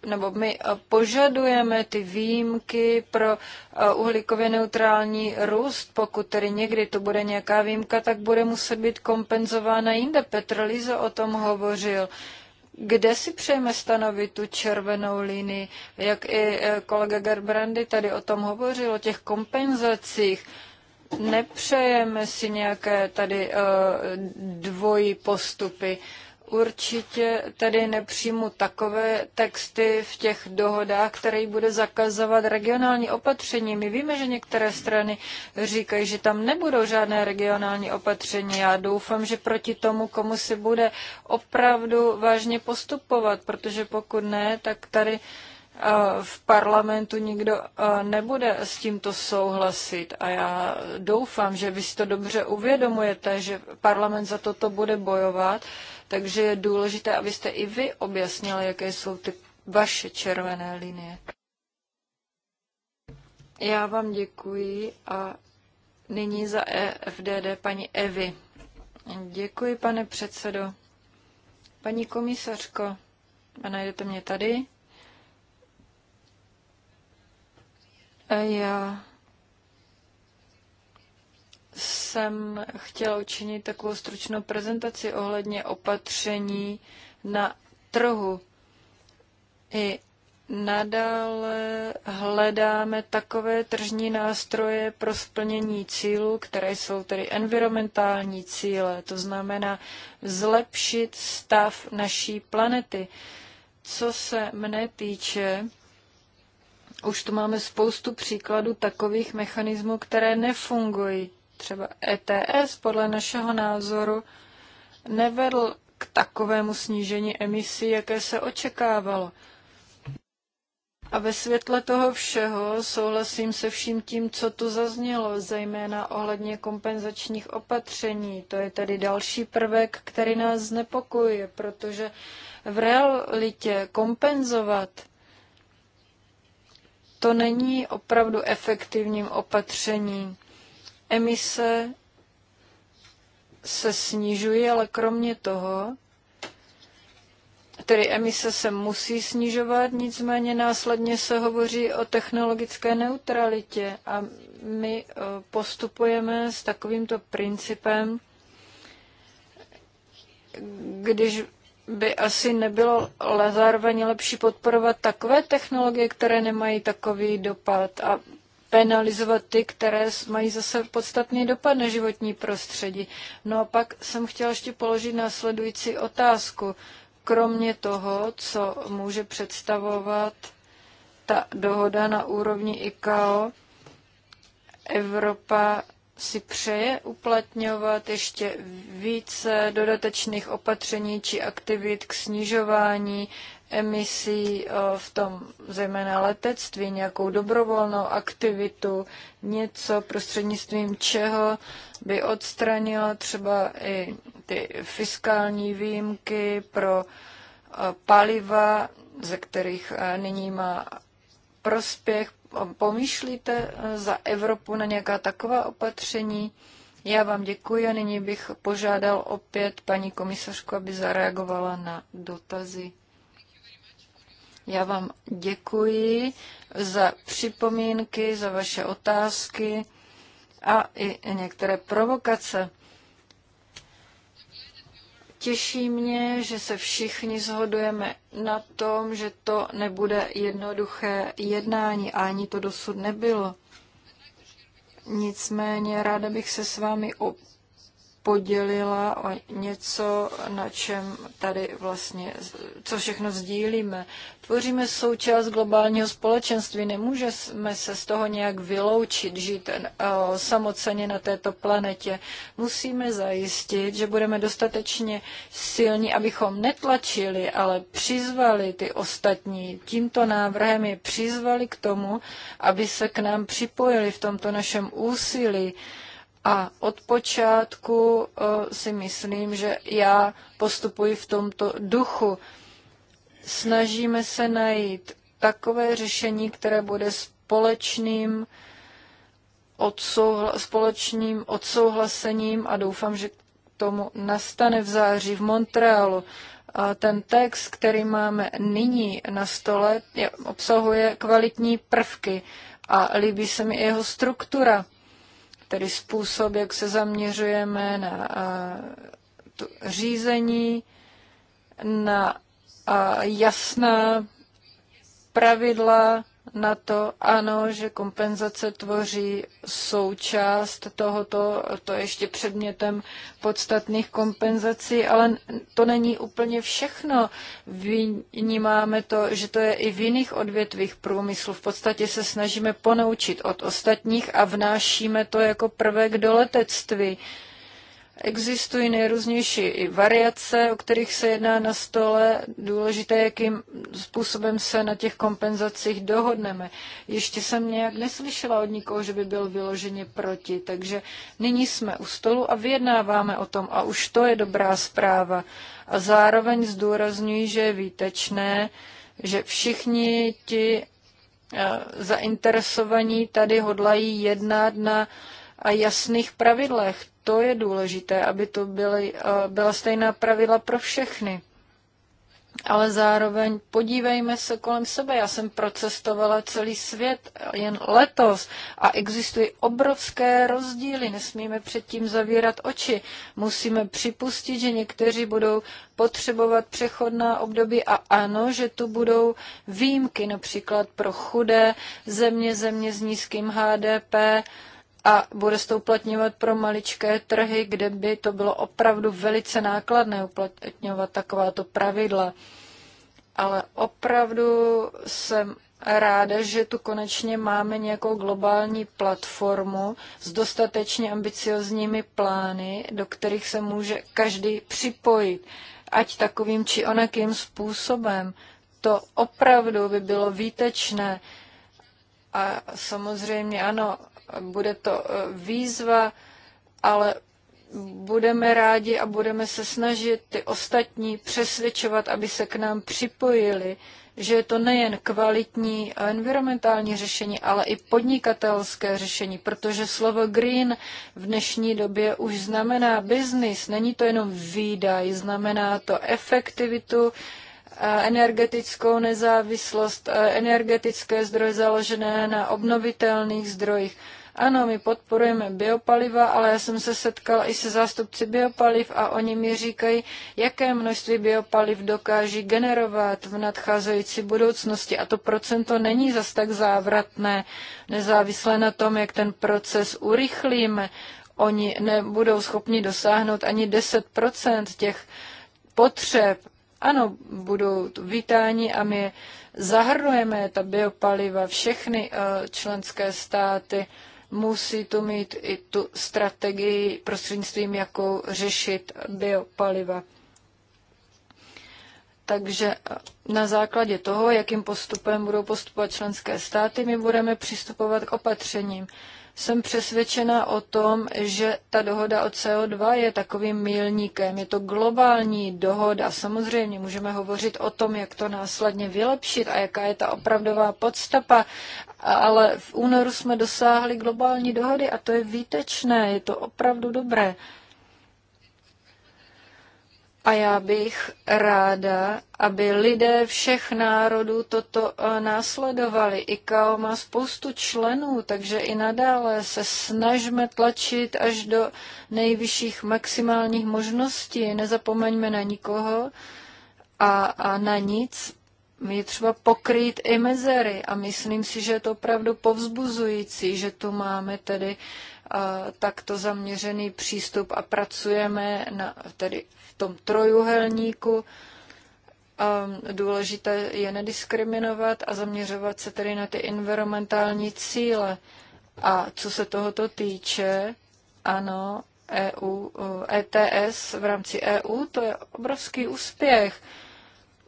nebo my eh, požadujeme ty výjimky pro eh, uhlíkově neutrální růst. Pokud tedy někdy to bude nějaká výjimka, tak bude muset být kompenzována jinde. Petr Lizo o tom hovořil. Kde si přejeme stanovit tu červenou linii? Jak i eh, kolega Gerbrandy tady o tom hovořil, o těch kompenzacích nepřejeme si nějaké tady dvojí postupy. Určitě tedy nepřijmu takové texty v těch dohodách, které bude zakazovat regionální opatření. My víme, že některé strany říkají, že tam nebudou žádné regionální opatření. Já doufám, že proti tomu, komu se bude opravdu vážně postupovat, protože pokud ne, tak tady eh, v parlamentu nikdo eh, nebude s tímto souhlasit a já doufám, že vy si to dobře uvědomujete, že parlament za toto bude bojovat takže je důležité, abyste i vy objasnili, jaké jsou ty vaše červené linie. Já vám děkuji a nyní za EFDD paní Evy. Děkuji, pane předsedo. Paní komisařko, a najdete mě tady. Já jsem chtěla učinit takovou stručnou prezentaci ohledně opatření na trhu. I nadále hledáme takové tržní nástroje pro splnění cílů, které jsou tedy environmentální cíle, to znamená zlepšit stav naší planety. Co se mne týče, už tu máme spoustu příkladů takových mechanismů, které nefungují třeba ETS, podle našeho názoru nevedl k takovému snížení emisí, jaké se očekávalo. A ve světle toho všeho souhlasím se vším tím, co tu zaznělo, zejména ohledně kompenzačních opatření. To je tedy další prvek, který nás znepokojuje, protože v realitě kompenzovat to není opravdu efektivním opatřením emise se snižují, ale kromě toho, tedy emise se musí snižovat, nicméně následně se hovoří o technologické neutralitě a my eh, postupujeme s takovýmto principem, když by asi nebylo zároveň lepší podporovat takové technologie, které nemají takový dopad. A penalizovat ty, které mají zase podstatný dopad na životní prostředí. No a pak jsem chtěla ještě položit následující otázku. Kromě toho, co může představovat ta dohoda na úrovni ICAO, Evropa si přeje uplatňovat ještě více dodatečných opatření či aktivit k snižování emisí eh, v tom zejména letectví, nějakou dobrovolnou aktivitu, něco prostřednictvím čeho by odstranila třeba i ty fiskální výjimky pro eh, paliva, ze kterých eh, nyní má prospěch. Pomýšlíte za Evropu na nějaká taková opatření? Já vám děkuji a nyní bych požádal opět paní komisařku, aby zareagovala na dotazy. Já vám děkuji za připomínky, za vaše otázky a i některé provokace. Těší mě, že se všichni zhodujeme na tom, že to nebude jednoduché jednání a ani to dosud nebylo. Nicméně ráda bych se s vámi podělila o něco, na čem tady vlastně, co všechno sdílíme. Tvoříme součást globálního společenství, nemůžeme se z toho nějak vyloučit, žít eh, o, samoceně na této planetě. Musíme zajistit, že budeme dostatečně silní, abychom netlačili, ale přizvali ty ostatní. Tímto návrhem je přizvali k tomu, aby se k nám připojili v tomto našem úsilí a od počátku eh, si myslím, že já postupuji v tomto duchu. Snažíme se najít takové řešení, které bude společným, odsouhla- společným odsouhlasením a doufám, že tomu nastane v září v Montrealu. A ten text, který máme nyní na stole, je, obsahuje kvalitní prvky a líbí se mi jeho struktura tedy způsob, jak se zaměřujeme na to řízení, na jasná pravidla, na to, ano, že kompenzace tvoří součást tohoto, to je ještě předmětem podstatných kompenzací, ale to není úplně všechno. Vnímáme to, že to je i v jiných odvětvích průmyslu. V podstatě se snažíme ponoučit od ostatních a vnášíme to jako prvek do letectví. Existují nejrůznější i variace, o kterých se jedná na stole. Důležité, jakým způsobem se na těch kompenzacích dohodneme. Ještě jsem nějak neslyšela od nikoho, že by byl vyloženě proti, takže nyní jsme u stolu a vyjednáváme o tom a už to je dobrá zpráva. A zároveň zdůrazňuji, že je výtečné, že všichni ti eh, zainteresovaní tady hodlají jednat na uh, a jasných pravidlech. To je důležité, aby to byly, eh, byla stejná pravidla pro všechny. Ale zároveň podívejme se kolem sebe. Já jsem procestovala celý svět jen letos a existují obrovské rozdíly. Nesmíme předtím zavírat oči. Musíme připustit, že někteří budou potřebovat přechodná období a ano, že tu budou výjimky, například pro chudé země, země s nízkým HDP a bude se to uplatňovat pro maličké trhy, kde by to bylo opravdu velice nákladné uplatňovat takováto pravidla. Ale opravdu jsem ráda, že tu konečně máme nějakou globální platformu s dostatečně ambiciozními plány, do kterých se může každý připojit, ať takovým či onakým způsobem. To opravdu by bylo výtečné. A samozřejmě ano, bude to eh, výzva, ale budeme rádi a budeme se snažit ty ostatní přesvědčovat, aby se k nám připojili, že je to nejen kvalitní environmentální řešení, ale i podnikatelské řešení, protože slovo green v dnešní době už znamená business, není to jenom výdaj, znamená to efektivitu, energetickou nezávislost, energetické zdroje založené na obnovitelných zdrojích. Ano, my podporujeme biopaliva, ale já jsem se setkal i se zástupci biopaliv a oni mi říkají, jaké množství biopaliv dokáží generovat v nadcházející budoucnosti. A to procento není zas tak závratné, nezávisle na tom, jak ten proces urychlíme. Oni nebudou schopni dosáhnout ani 10% těch potřeb. Ano, budou vítáni a my zahrnujeme ta biopaliva všechny eh, členské státy. Musí to mít i tu strategii prostřednictvím, jakou řešit biopaliva. Takže na základě toho, jakým postupem budou postupovat členské státy, my budeme přistupovat k opatřením. Jsem přesvědčena o tom, že ta dohoda o CO2 je takovým milníkem. Je to globální dohoda. Samozřejmě můžeme hovořit o tom, jak to následně vylepšit a jaká je ta opravdová podstata, ale v únoru jsme dosáhli globální dohody a to je výtečné, je to opravdu dobré. A já bych ráda, aby lidé všech národů toto eh, následovali. ICAO má spoustu členů, takže i nadále se snažme tlačit až do nejvyšších maximálních možností. Nezapomeňme na nikoho a, a na nic. Je třeba pokrýt i mezery a myslím si, že je to opravdu povzbuzující, že tu máme tedy eh, takto zaměřený přístup a pracujeme na, tedy tom trojuhelníku. Důležité je nediskriminovat a zaměřovat se tedy na ty environmentální cíle. A co se tohoto týče, ano, EU, ETS v rámci EU, to je obrovský úspěch.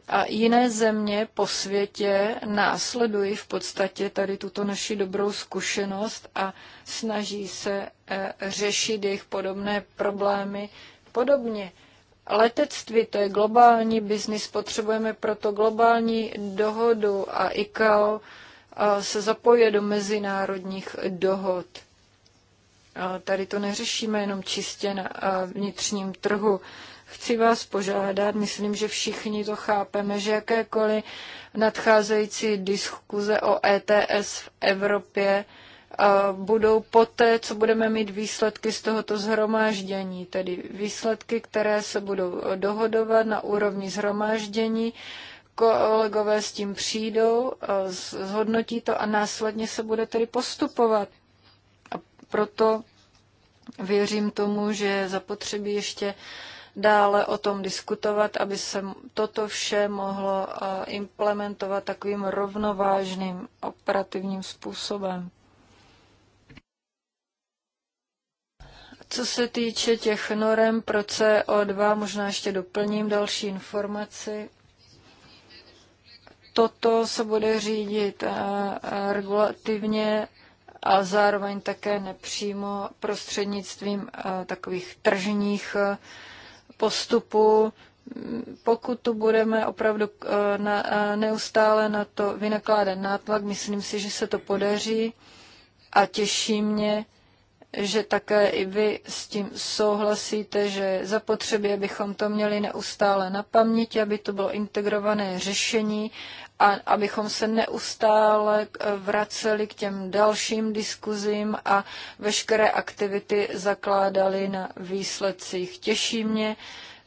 A jiné země po světě následují v podstatě tady tuto naši dobrou zkušenost a snaží se e, řešit jejich podobné problémy podobně. Letectví to je globální biznis, potřebujeme proto globální dohodu a ICAO se zapojuje do mezinárodních dohod. Tady to neřešíme jenom čistě na vnitřním trhu. Chci vás požádat, myslím, že všichni to chápeme, že jakékoliv nadcházející diskuze o ETS v Evropě budou poté, co budeme mít výsledky z tohoto zhromáždění, tedy výsledky, které se budou dohodovat na úrovni zhromáždění. Kolegové s tím přijdou, zhodnotí to a následně se bude tedy postupovat. A proto věřím tomu, že zapotřebí ještě dále o tom diskutovat, aby se toto vše mohlo implementovat takovým rovnovážným operativním způsobem. Co se týče těch norem pro CO2, možná ještě doplním další informaci. Toto se bude řídit eh, regulativně a zároveň také nepřímo prostřednictvím eh, takových tržních eh, postupů. Pokud tu budeme opravdu neustále na to vynakládat nátlak, myslím si, že se to podaří a těší mě, že také i vy s tím souhlasíte, že zapotřebí, abychom to měli neustále na paměti, aby to bylo integrované řešení a abychom se neustále vraceli k těm dalším diskuzím a veškeré aktivity zakládali na výsledcích. Těší mě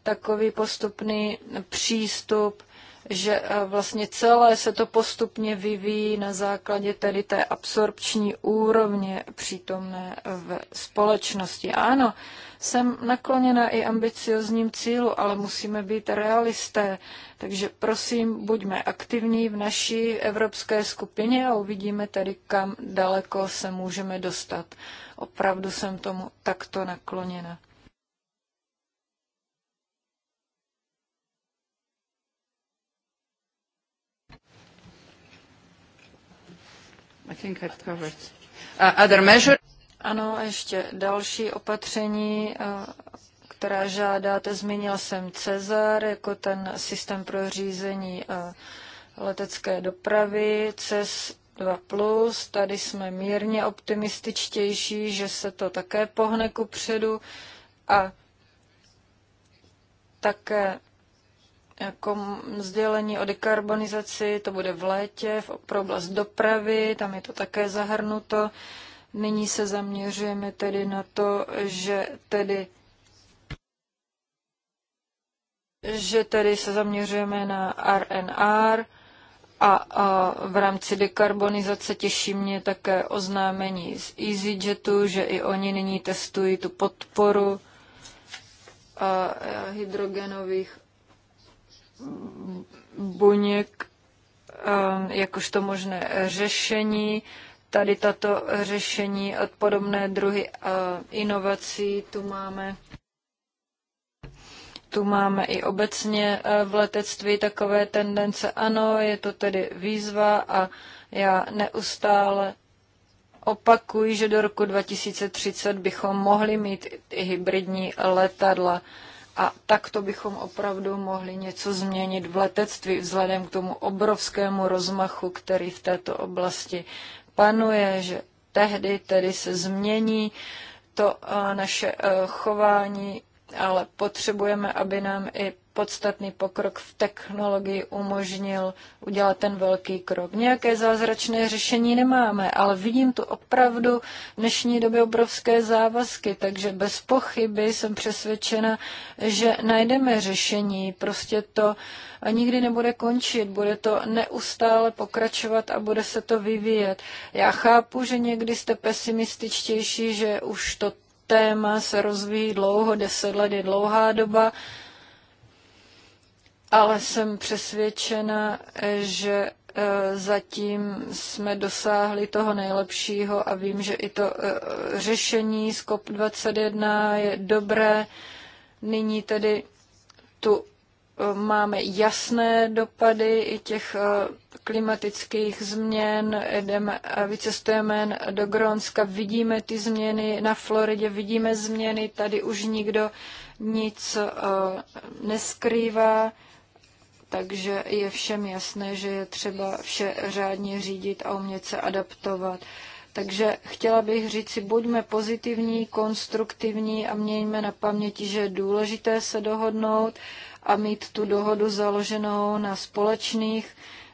takový postupný přístup že eh, vlastně celé se to postupně vyvíjí na základě tedy té absorpční úrovně přítomné eh, v společnosti. Ano, jsem nakloněna i ambiciozním cílu, ale musíme být realisté. Takže prosím, buďme aktivní v naší evropské skupině a uvidíme tedy, kam daleko se můžeme dostat. Opravdu jsem tomu takto nakloněna. I think I've covered. Uh, other measure? Ano, ještě další opatření, uh, která žádáte, zmínil jsem Cezar jako ten systém pro řízení uh, letecké dopravy, CES 2+, tady jsme mírně optimističtější, že se to také pohne ku předu a také jako sdělení o dekarbonizaci, to bude v létě, v, oblast dopravy, tam je to také zahrnuto. Nyní se zaměřujeme tedy na to, že tedy že tedy se zaměřujeme na RNR a, a v rámci dekarbonizace těší mě také oznámení z EasyJetu, že i oni nyní testují tu podporu a, a hydrogenových buněk um, jakožto možné řešení. Tady tato řešení od podobné druhy uh, inovací tu máme tu máme i obecně uh, v letectví takové tendence. Ano, je to tedy výzva a já neustále opakuji, že do roku 2030 bychom mohli mít i hybridní letadla. A takto bychom opravdu mohli něco změnit v letectví vzhledem k tomu obrovskému rozmachu, který v této oblasti panuje, že tehdy tedy se změní to eh, naše eh, chování, ale potřebujeme, aby nám i podstatný pokrok v technologii umožnil udělat ten velký krok. Nějaké zázračné řešení nemáme, ale vidím tu opravdu v dnešní době obrovské závazky, takže bez pochyby jsem přesvědčena, že najdeme řešení. Prostě to nikdy nebude končit, bude to neustále pokračovat a bude se to vyvíjet. Já chápu, že někdy jste pesimističtější, že už to téma se rozvíjí dlouho, deset let je dlouhá doba, ale jsem přesvědčena, že e, zatím jsme dosáhli toho nejlepšího a vím, že i to e, řešení z COP21 je dobré. Nyní tedy tu e, máme jasné dopady i těch klimatických změn, jdeme, vycestujeme do Grónska, vidíme ty změny na Floridě, vidíme změny, tady už nikdo nic neskrývá. Takže je všem jasné, že je třeba vše řádně řídit a umět se adaptovat. Takže chtěla bych říct si, buďme pozitivní, konstruktivní a mějme na paměti, že je důležité se dohodnout a mít tu dohodu založenou na společných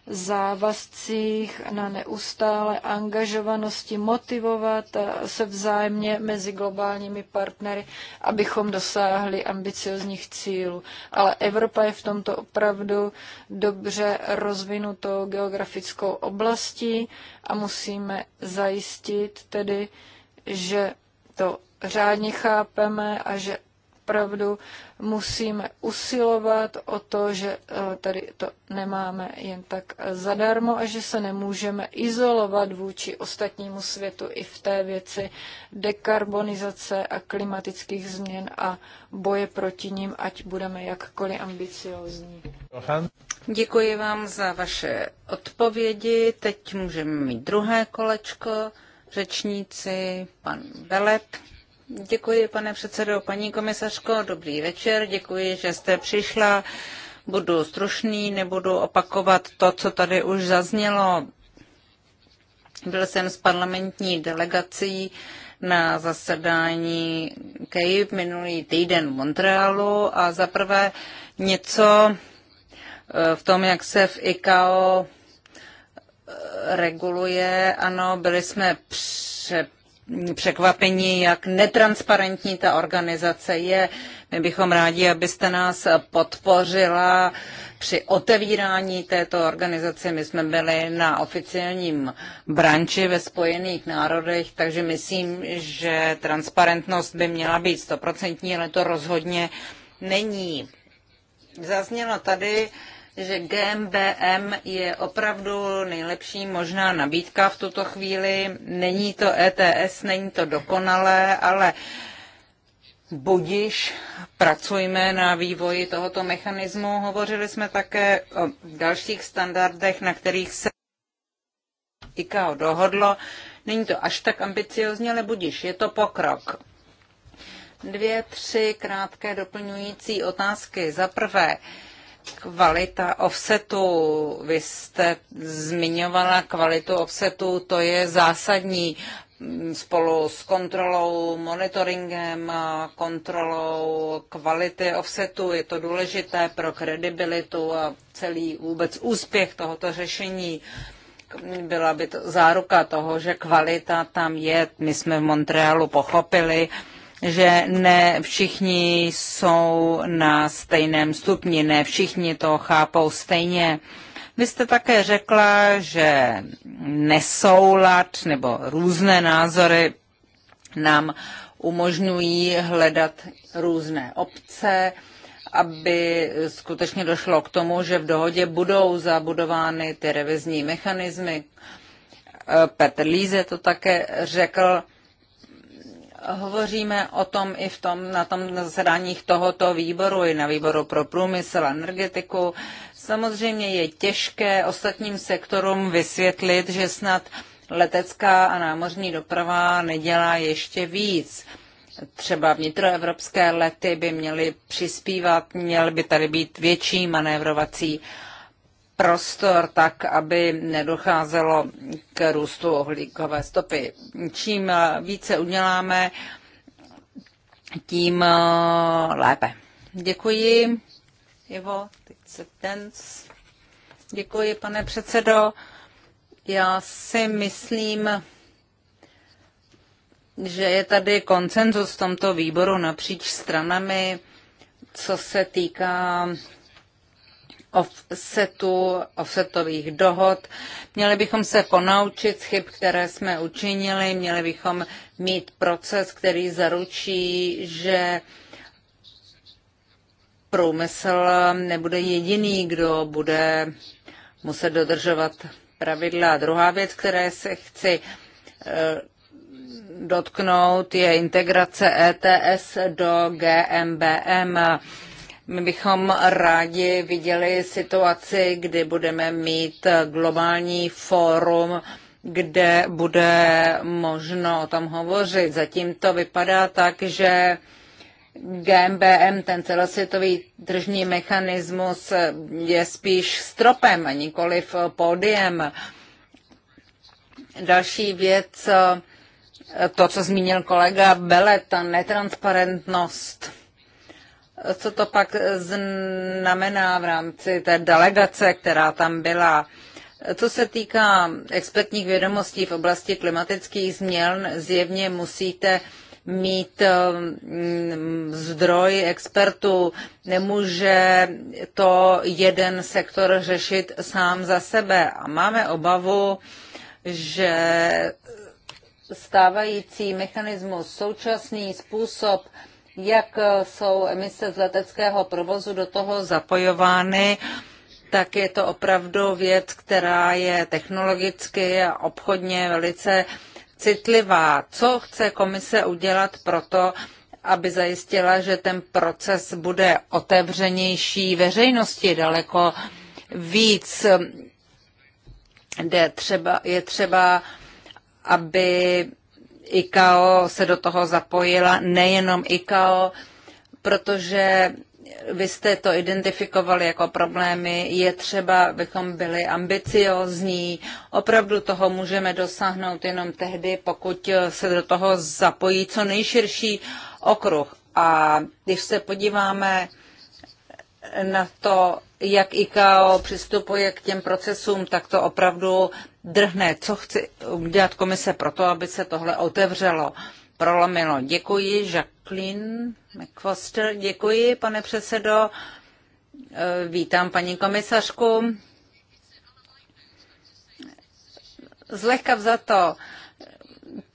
závazcích, na neustále angažovanosti, motivovat se vzájemně mezi globálními partnery, abychom dosáhli ambiciozních cílů. Ale Evropa je v tomto opravdu dobře rozvinutou geografickou oblastí a musíme zajistit tedy, že to řádně chápeme a že opravdu musíme usilovat o to, že eh, tady to nemáme jen tak zadarmo a že se nemůžeme izolovat vůči ostatnímu světu i v té věci dekarbonizace a klimatických změn a boje proti ním, ať budeme jakkoliv ambiciozní. Děkuji vám za vaše odpovědi. Teď můžeme mít druhé kolečko. Řečníci, pan Belet. Děkuji, pane předsedo. Paní komisařko, dobrý večer. Děkuji, že jste přišla. Budu stručný, nebudu opakovat to, co tady už zaznělo. Byl jsem s parlamentní delegací na zasedání KEIB minulý týden v Montrealu a zaprvé něco eh, v tom, jak se v ICAO eh, reguluje. Ano, byli jsme přep překvapení, jak netransparentní ta organizace je. My bychom rádi, abyste nás podpořila při otevírání této organizace. My jsme byli na oficiálním branči ve Spojených národech, takže myslím, že transparentnost by měla být stoprocentní, ale to rozhodně není. Zaznělo tady, že GMBM je opravdu nejlepší možná nabídka v tuto chvíli. Není to ETS, není to dokonalé, ale budiš pracujme na vývoji tohoto mechanismu. Hovořili jsme také o dalších standardech, na kterých se IKO dohodlo. Není to až tak ambiciozně, ale budiš, je to pokrok. Dvě, tři krátké doplňující otázky. Za prvé, Kvalita offsetu, vy jste zmiňovala kvalitu offsetu, to je zásadní spolu s kontrolou, monitoringem kontrolou kvality offsetu. Je to důležité pro kredibilitu a celý vůbec úspěch tohoto řešení. Byla by to záruka toho, že kvalita tam je. My jsme v Montrealu pochopili, že ne všichni jsou na stejném stupni, ne všichni to chápou stejně. Vy jste také řekla, že nesoulad nebo různé názory nám umožňují hledat různé obce, aby skutečně došlo k tomu, že v dohodě budou zabudovány ty revizní mechanismy. Petr Líze to také řekl. Hovoříme o tom i v tom, na tom zasedáních tohoto výboru, i na výboru pro průmysl a energetiku. Samozřejmě je těžké ostatním sektorům vysvětlit, že snad letecká a námořní doprava nedělá ještě víc. Třeba vnitroevropské lety by měly přispívat, měl by tady být větší manévrovací uh, prostor tak, aby nedocházelo k růstu uhlíkové stopy. Čím více uděláme, tím eh, lépe. Děkuji. Ivo, teď se tens. Děkuji, pane předsedo. Já si myslím, že je tady koncenzus v tomto výboru napříč stranami, co se týká offsetu, offsetových dohod. Měli bychom se ponaučit z chyb, které jsme učinili, měli bychom mít proces, který zaručí, že průmysl nebude jediný, kdo bude muset dodržovat pravidla. A druhá věc, které se chci eh, dotknout, je integrace ETS do GMBM. My bychom rádi viděli situaci, kdy budeme mít globální fórum, kde bude možno o tom hovořit. Zatím to vypadá tak, že GMBM, ten celosvětový tržní mechanismus, je spíš stropem a nikoliv pódiem. Další věc, to, co zmínil kolega Bele, ta netransparentnost co to pak znamená v rámci té delegace, která tam byla. Co se týká expertních vědomostí v oblasti klimatických změn, zjevně musíte mít um, zdroj expertů. Nemůže to jeden sektor řešit sám za sebe. A máme obavu, že stávající mechanismus, současný způsob jak eh, jsou emise z leteckého provozu do toho zapojovány, tak je to opravdu věc, která je technologicky a obchodně velice citlivá. Co chce komise udělat proto, aby zajistila, že ten proces bude otevřenější veřejnosti daleko víc, kde třeba, je třeba, aby ICAO se do toho zapojila, nejenom ICAO, protože vy jste to identifikovali jako problémy, je třeba, bychom byli ambiciozní. Opravdu toho můžeme dosáhnout jenom tehdy, pokud se do toho zapojí co nejširší okruh. A když se podíváme na to, jak ICAO přistupuje k těm procesům, tak to opravdu drhne, co chci udělat komise pro to, aby se tohle otevřelo, prolomilo. Děkuji, Jacqueline McFoster, děkuji, pane předsedo. E, vítám paní komisařku. Zlehka vzato,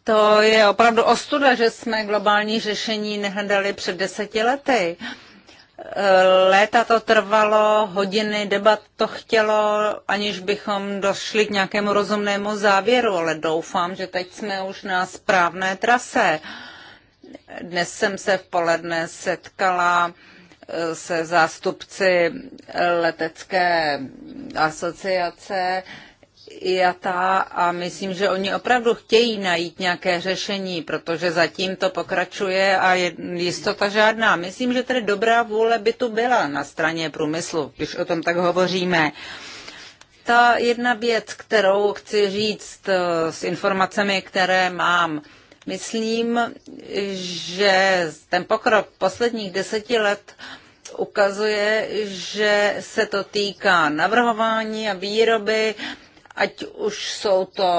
to je opravdu ostuda, že jsme globální řešení nehledali před deseti lety. Um, Léta to trvalo, hodiny debat to chtělo, aniž bychom došli k nějakému rozumnému závěru, ale doufám, že teď jsme už na správné trase. Dnes jsem se v poledne setkala eh, se zástupci eh, letecké asociace jatá a myslím, že oni opravdu chtějí najít nějaké řešení, protože zatím to pokračuje a je jistota žádná. Myslím, že tedy dobrá vůle by tu byla na straně průmyslu, když o tom tak hovoříme. Ta jedna věc, kterou chci říct eh, s informacemi, které mám, myslím, že ten pokrok posledních deseti let ukazuje, že se to týká navrhování a výroby, ať už jsou to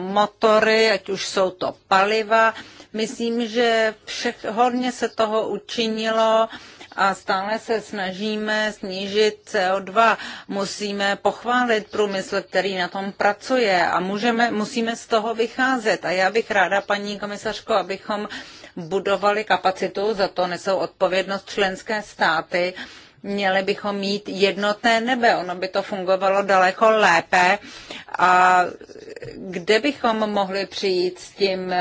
motory, ať už jsou to paliva. Myslím, že všech, hodně se toho učinilo a stále se snažíme snížit CO2. Musíme pochválit průmysl, který na tom pracuje a můžeme, musíme z toho vycházet. A já bych ráda, paní komisařko, abychom budovali kapacitu, za to nesou odpovědnost členské státy, Měli bychom mít jednotné nebe, ono by to fungovalo daleko lépe. A kde bychom mohli přijít s tím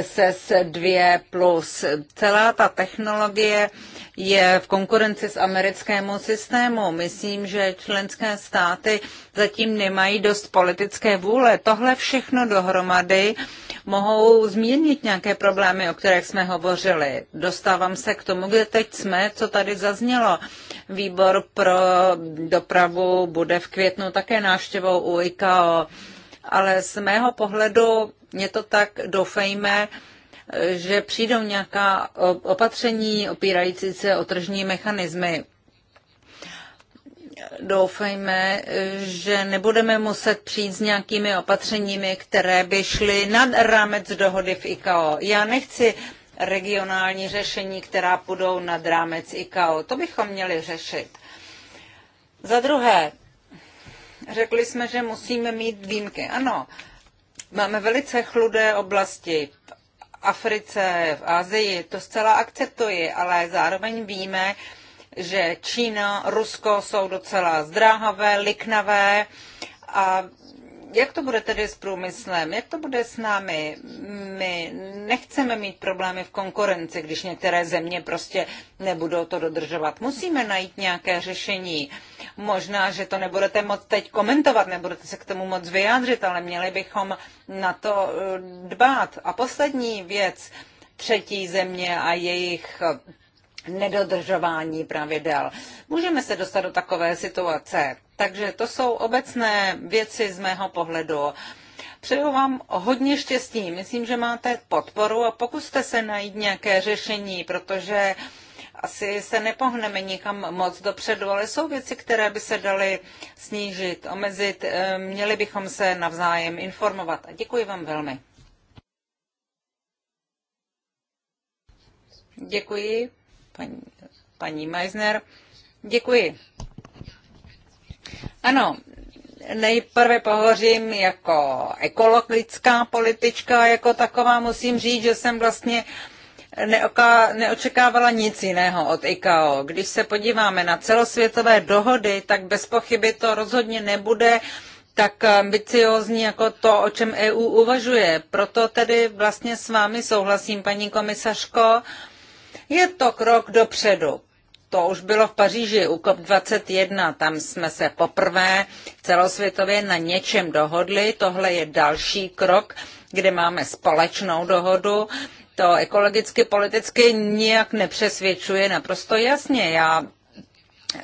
SES 2 plus? Celá ta technologie je v konkurenci s americkému systému. Myslím, že členské státy zatím nemají dost politické vůle. Tohle všechno dohromady mohou zmírnit nějaké problémy, o kterých jsme hovořili. Dostávám se k tomu, kde teď jsme, co tady zaznělo. Výbor pro dopravu bude v květnu také návštěvou u ICAO, ale z mého pohledu mě to tak, doufejme, že přijdou nějaká opatření opírající se o tržní mechanismy doufejme, že nebudeme muset přijít s nějakými opatřeními, které by šly nad rámec dohody v ICAO. Já nechci regionální řešení, která půjdou nad rámec ICAO. To bychom měli řešit. Za druhé, řekli jsme, že musíme mít výjimky. Ano, máme velice chludé oblasti v Africe, v Asii, to zcela akceptuji, ale zároveň víme, že Čína, Rusko jsou docela zdráhavé, liknavé a jak to bude tedy s průmyslem? Jak to bude s námi? My nechceme mít problémy v konkurenci, když některé země prostě nebudou to dodržovat. Musíme najít nějaké řešení. Možná, že to nebudete moc teď komentovat, nebudete se k tomu moc vyjádřit, ale měli bychom na to eh, dbát. A poslední věc, třetí země a jejich nedodržování pravidel. Můžeme se dostat do takové situace. Takže to jsou obecné věci z mého pohledu. Přeju vám hodně štěstí. Myslím, že máte podporu a pokuste se najít nějaké řešení, protože asi se nepohneme nikam moc dopředu, ale jsou věci, které by se daly snížit, omezit. Eh, měli bychom se navzájem informovat. A děkuji vám velmi. Děkuji paní, paní Meisner. Děkuji. Ano, nejprve pohořím jako ekologická politička, jako taková musím říct, že jsem vlastně neoka, neočekávala nic jiného od ICAO. Když se podíváme na celosvětové dohody, tak bez pochyby to rozhodně nebude tak ambiciózní jako to, o čem EU uvažuje. Proto tedy vlastně s vámi souhlasím, paní komisařko, je to krok dopředu. To už bylo v Paříži u COP21, tam jsme se poprvé celosvětově na něčem dohodli. Tohle je další krok, kde máme společnou dohodu. To ekologicky, politicky nijak nepřesvědčuje naprosto jasně. Já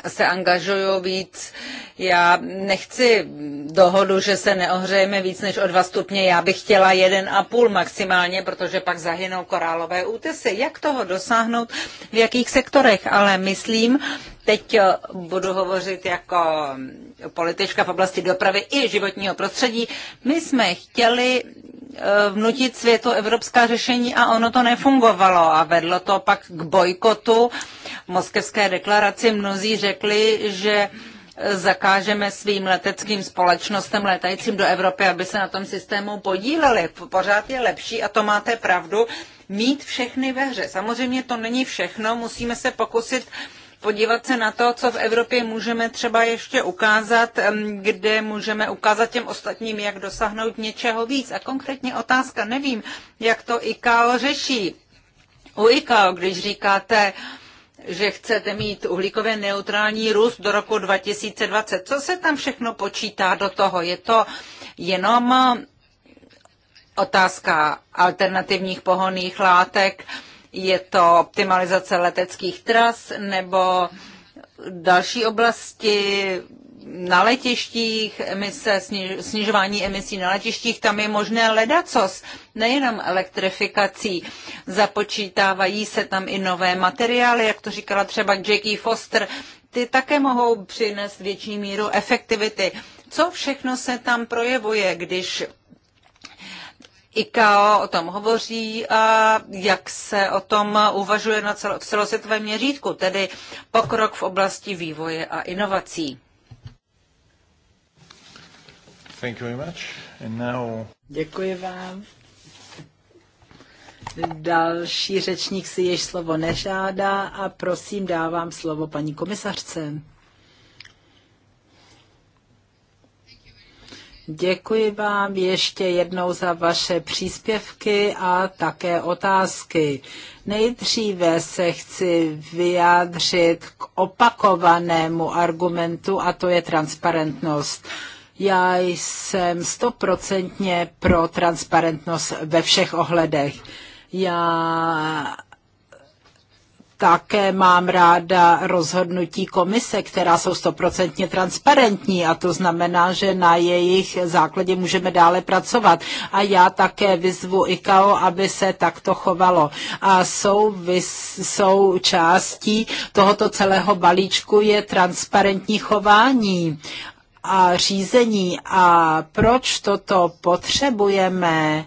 se angažuju víc. Já nechci dohodu, že se neohřejeme víc než o dva stupně. Já bych chtěla jeden a půl maximálně, protože pak zahynou korálové útesy. Jak toho dosáhnout, v jakých sektorech? Ale myslím, Teď eh, budu hovořit jako mm, politička v oblasti dopravy i životního prostředí. My jsme chtěli eh, vnutit světu evropská řešení a ono to nefungovalo a vedlo to pak k bojkotu. V moskevské deklaraci mnozí řekli, že eh, zakážeme svým leteckým společnostem letajícím do Evropy, aby se na tom systému podíleli. Pořád je lepší, a to máte pravdu, mít všechny ve hře. Samozřejmě to není všechno, musíme se pokusit uh, podívat se na to, co v Evropě můžeme třeba ještě ukázat, kde můžeme ukázat těm ostatním, jak dosáhnout něčeho víc. A konkrétně otázka, nevím, jak to IKAO řeší. U IKAO, když říkáte, že chcete mít uhlíkově neutrální růst do roku 2020. Co se tam všechno počítá do toho? Je to jenom otázka alternativních pohoných látek, je to optimalizace leteckých tras nebo další oblasti na letištích, emise, snižování emisí na letištích, tam je možné ledacos, nejenom elektrifikací. Započítávají se tam i nové materiály, jak to říkala třeba Jackie Foster, ty také mohou přinést větší míru efektivity. Co všechno se tam projevuje, když ICAO o tom hovoří a jak se o tom uvažuje na celo, v celosvětovém měřítku, tedy pokrok v oblasti vývoje a inovací. Thank you very much. And now... Děkuji vám. Další řečník si jež slovo nežádá a prosím dávám slovo paní komisařce. Děkuji vám ještě jednou za vaše příspěvky a také otázky. Nejdříve se chci vyjádřit k opakovanému argumentu a to je transparentnost. Já jsem stoprocentně pro transparentnost ve všech ohledech. Já také mám ráda rozhodnutí komise, která jsou stoprocentně transparentní a to znamená, že na jejich základě můžeme dále pracovat. A já také vyzvu ICAO, aby se takto chovalo. A jsou, jsou částí tohoto celého balíčku je transparentní chování a řízení a proč toto potřebujeme,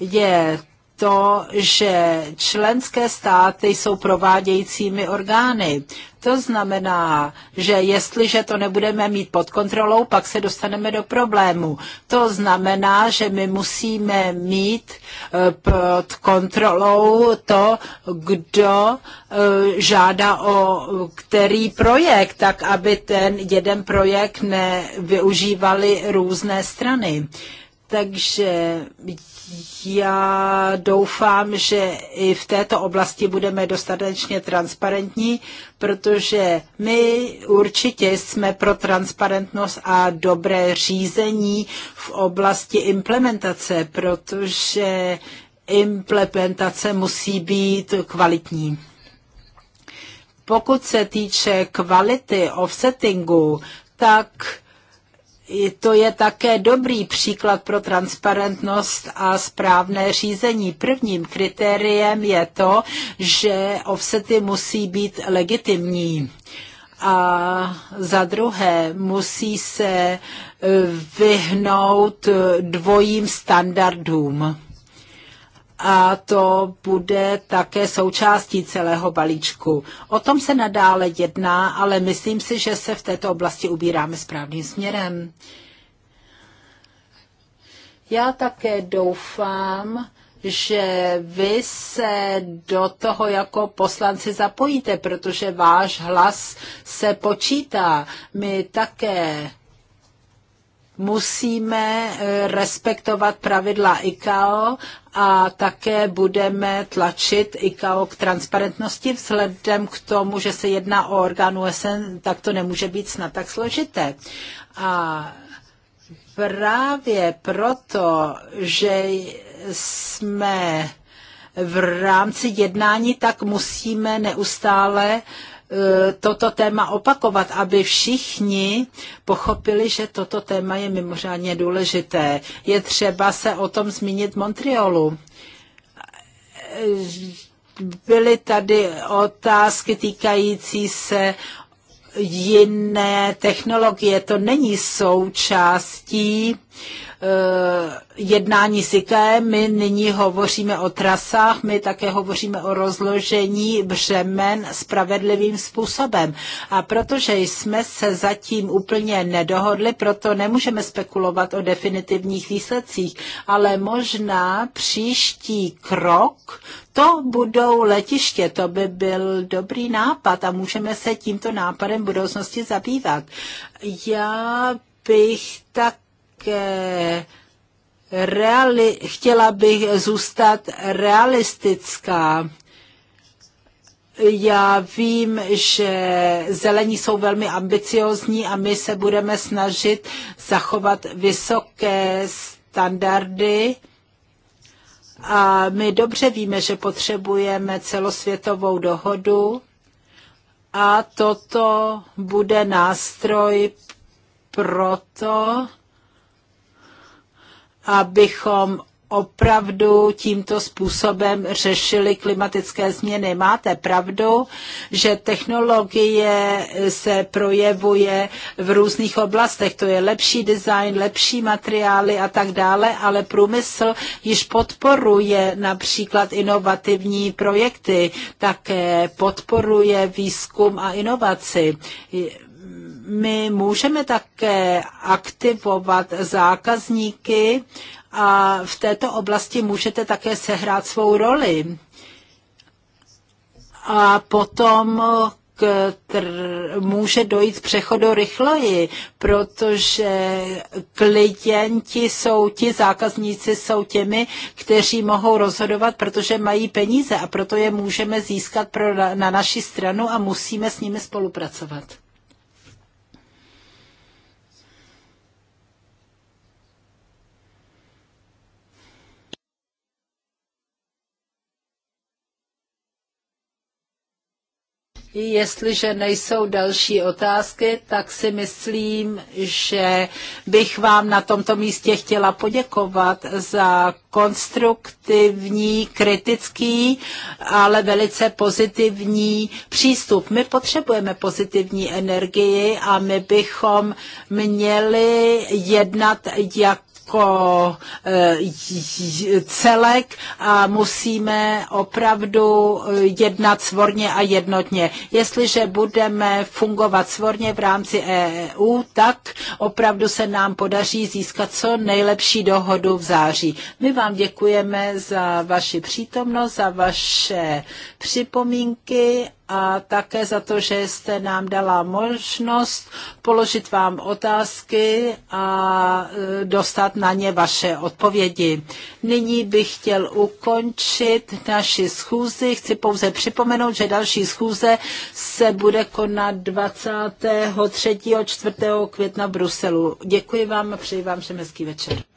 je to, že členské státy jsou provádějícími orgány. To znamená, že jestliže to nebudeme mít pod kontrolou, pak se dostaneme do problému. To znamená, že my musíme mít eh, pod kontrolou to, kdo eh, žádá o který projekt, tak aby ten jeden projekt nevyužívali různé strany. Takže já doufám, že i v této oblasti budeme dostatečně transparentní, protože my určitě jsme pro transparentnost a dobré řízení v oblasti implementace, protože implementace musí být kvalitní. Pokud se týče kvality offsettingu, tak to je také dobrý příklad pro transparentnost a správné řízení. Prvním kritériem je to, že offsety musí být legitimní. A za druhé musí se eh, vyhnout eh, dvojím standardům a to bude také součástí celého balíčku. O tom se nadále jedná, ale myslím si, že se v této oblasti ubíráme správným směrem. Já také doufám, že vy se do toho jako poslanci zapojíte, protože váš hlas se počítá. My také musíme eh, respektovat pravidla ICAO a také budeme tlačit ICAO k transparentnosti vzhledem k tomu, že se jedná o orgán USN, tak to nemůže být snad tak složité. A právě proto, že jsme v rámci jednání, tak musíme neustále uh, Eh, toto téma opakovat, aby všichni pochopili, že toto téma je mimořádně důležité. Je třeba se o tom zmínit v Montrealu byly tady otázky týkající se jiné technologie. To není součástí Eh, jednání SIKE. My nyní hovoříme o trasách, my také hovoříme o rozložení břemen spravedlivým způsobem. A protože jsme se zatím úplně nedohodli, proto nemůžeme spekulovat o definitivních výsledcích, ale možná příští krok to budou letiště, to by byl dobrý nápad a můžeme se tímto nápadem v budoucnosti zabývat. Já bych tak také reali- chtěla bych zůstat realistická. Já vím, že zelení jsou velmi ambiciozní a my se budeme snažit zachovat vysoké standardy. A my dobře víme, že potřebujeme celosvětovou dohodu a toto bude nástroj pro to, abychom opravdu tímto způsobem řešili klimatické změny. Máte pravdu, že technologie se projevuje v různých oblastech. To je lepší design, lepší materiály a tak dále, ale průmysl již podporuje například inovativní projekty, také podporuje výzkum a inovaci my můžeme také aktivovat zákazníky a v této oblasti můžete také sehrát svou roli. A potom k tr- může dojít přechodu rychleji, protože klienti jsou ti, zákazníci jsou těmi, kteří mohou rozhodovat, protože mají peníze a proto je můžeme získat pro, na naši stranu a musíme s nimi spolupracovat. Jestliže nejsou další otázky, tak si myslím, že bych vám na tomto místě chtěla poděkovat za konstruktivní, kritický, ale velice pozitivní přístup. My potřebujeme pozitivní energii a my bychom měli jednat jako jako eh, celek a musíme opravdu eh, jednat svorně a jednotně. Jestliže budeme fungovat svorně v rámci EU, e tak opravdu se nám podaří získat co nejlepší dohodu v září. My vám děkujeme za vaši přítomnost, za vaše připomínky a také za to, že jste nám dala možnost položit vám otázky a e, dostat na ně vaše odpovědi. Nyní bych chtěl ukončit naši schůzi. Chci pouze připomenout, že další schůze se bude konat 23. 4. května v Bruselu. Děkuji vám a přeji vám všem hezký večer.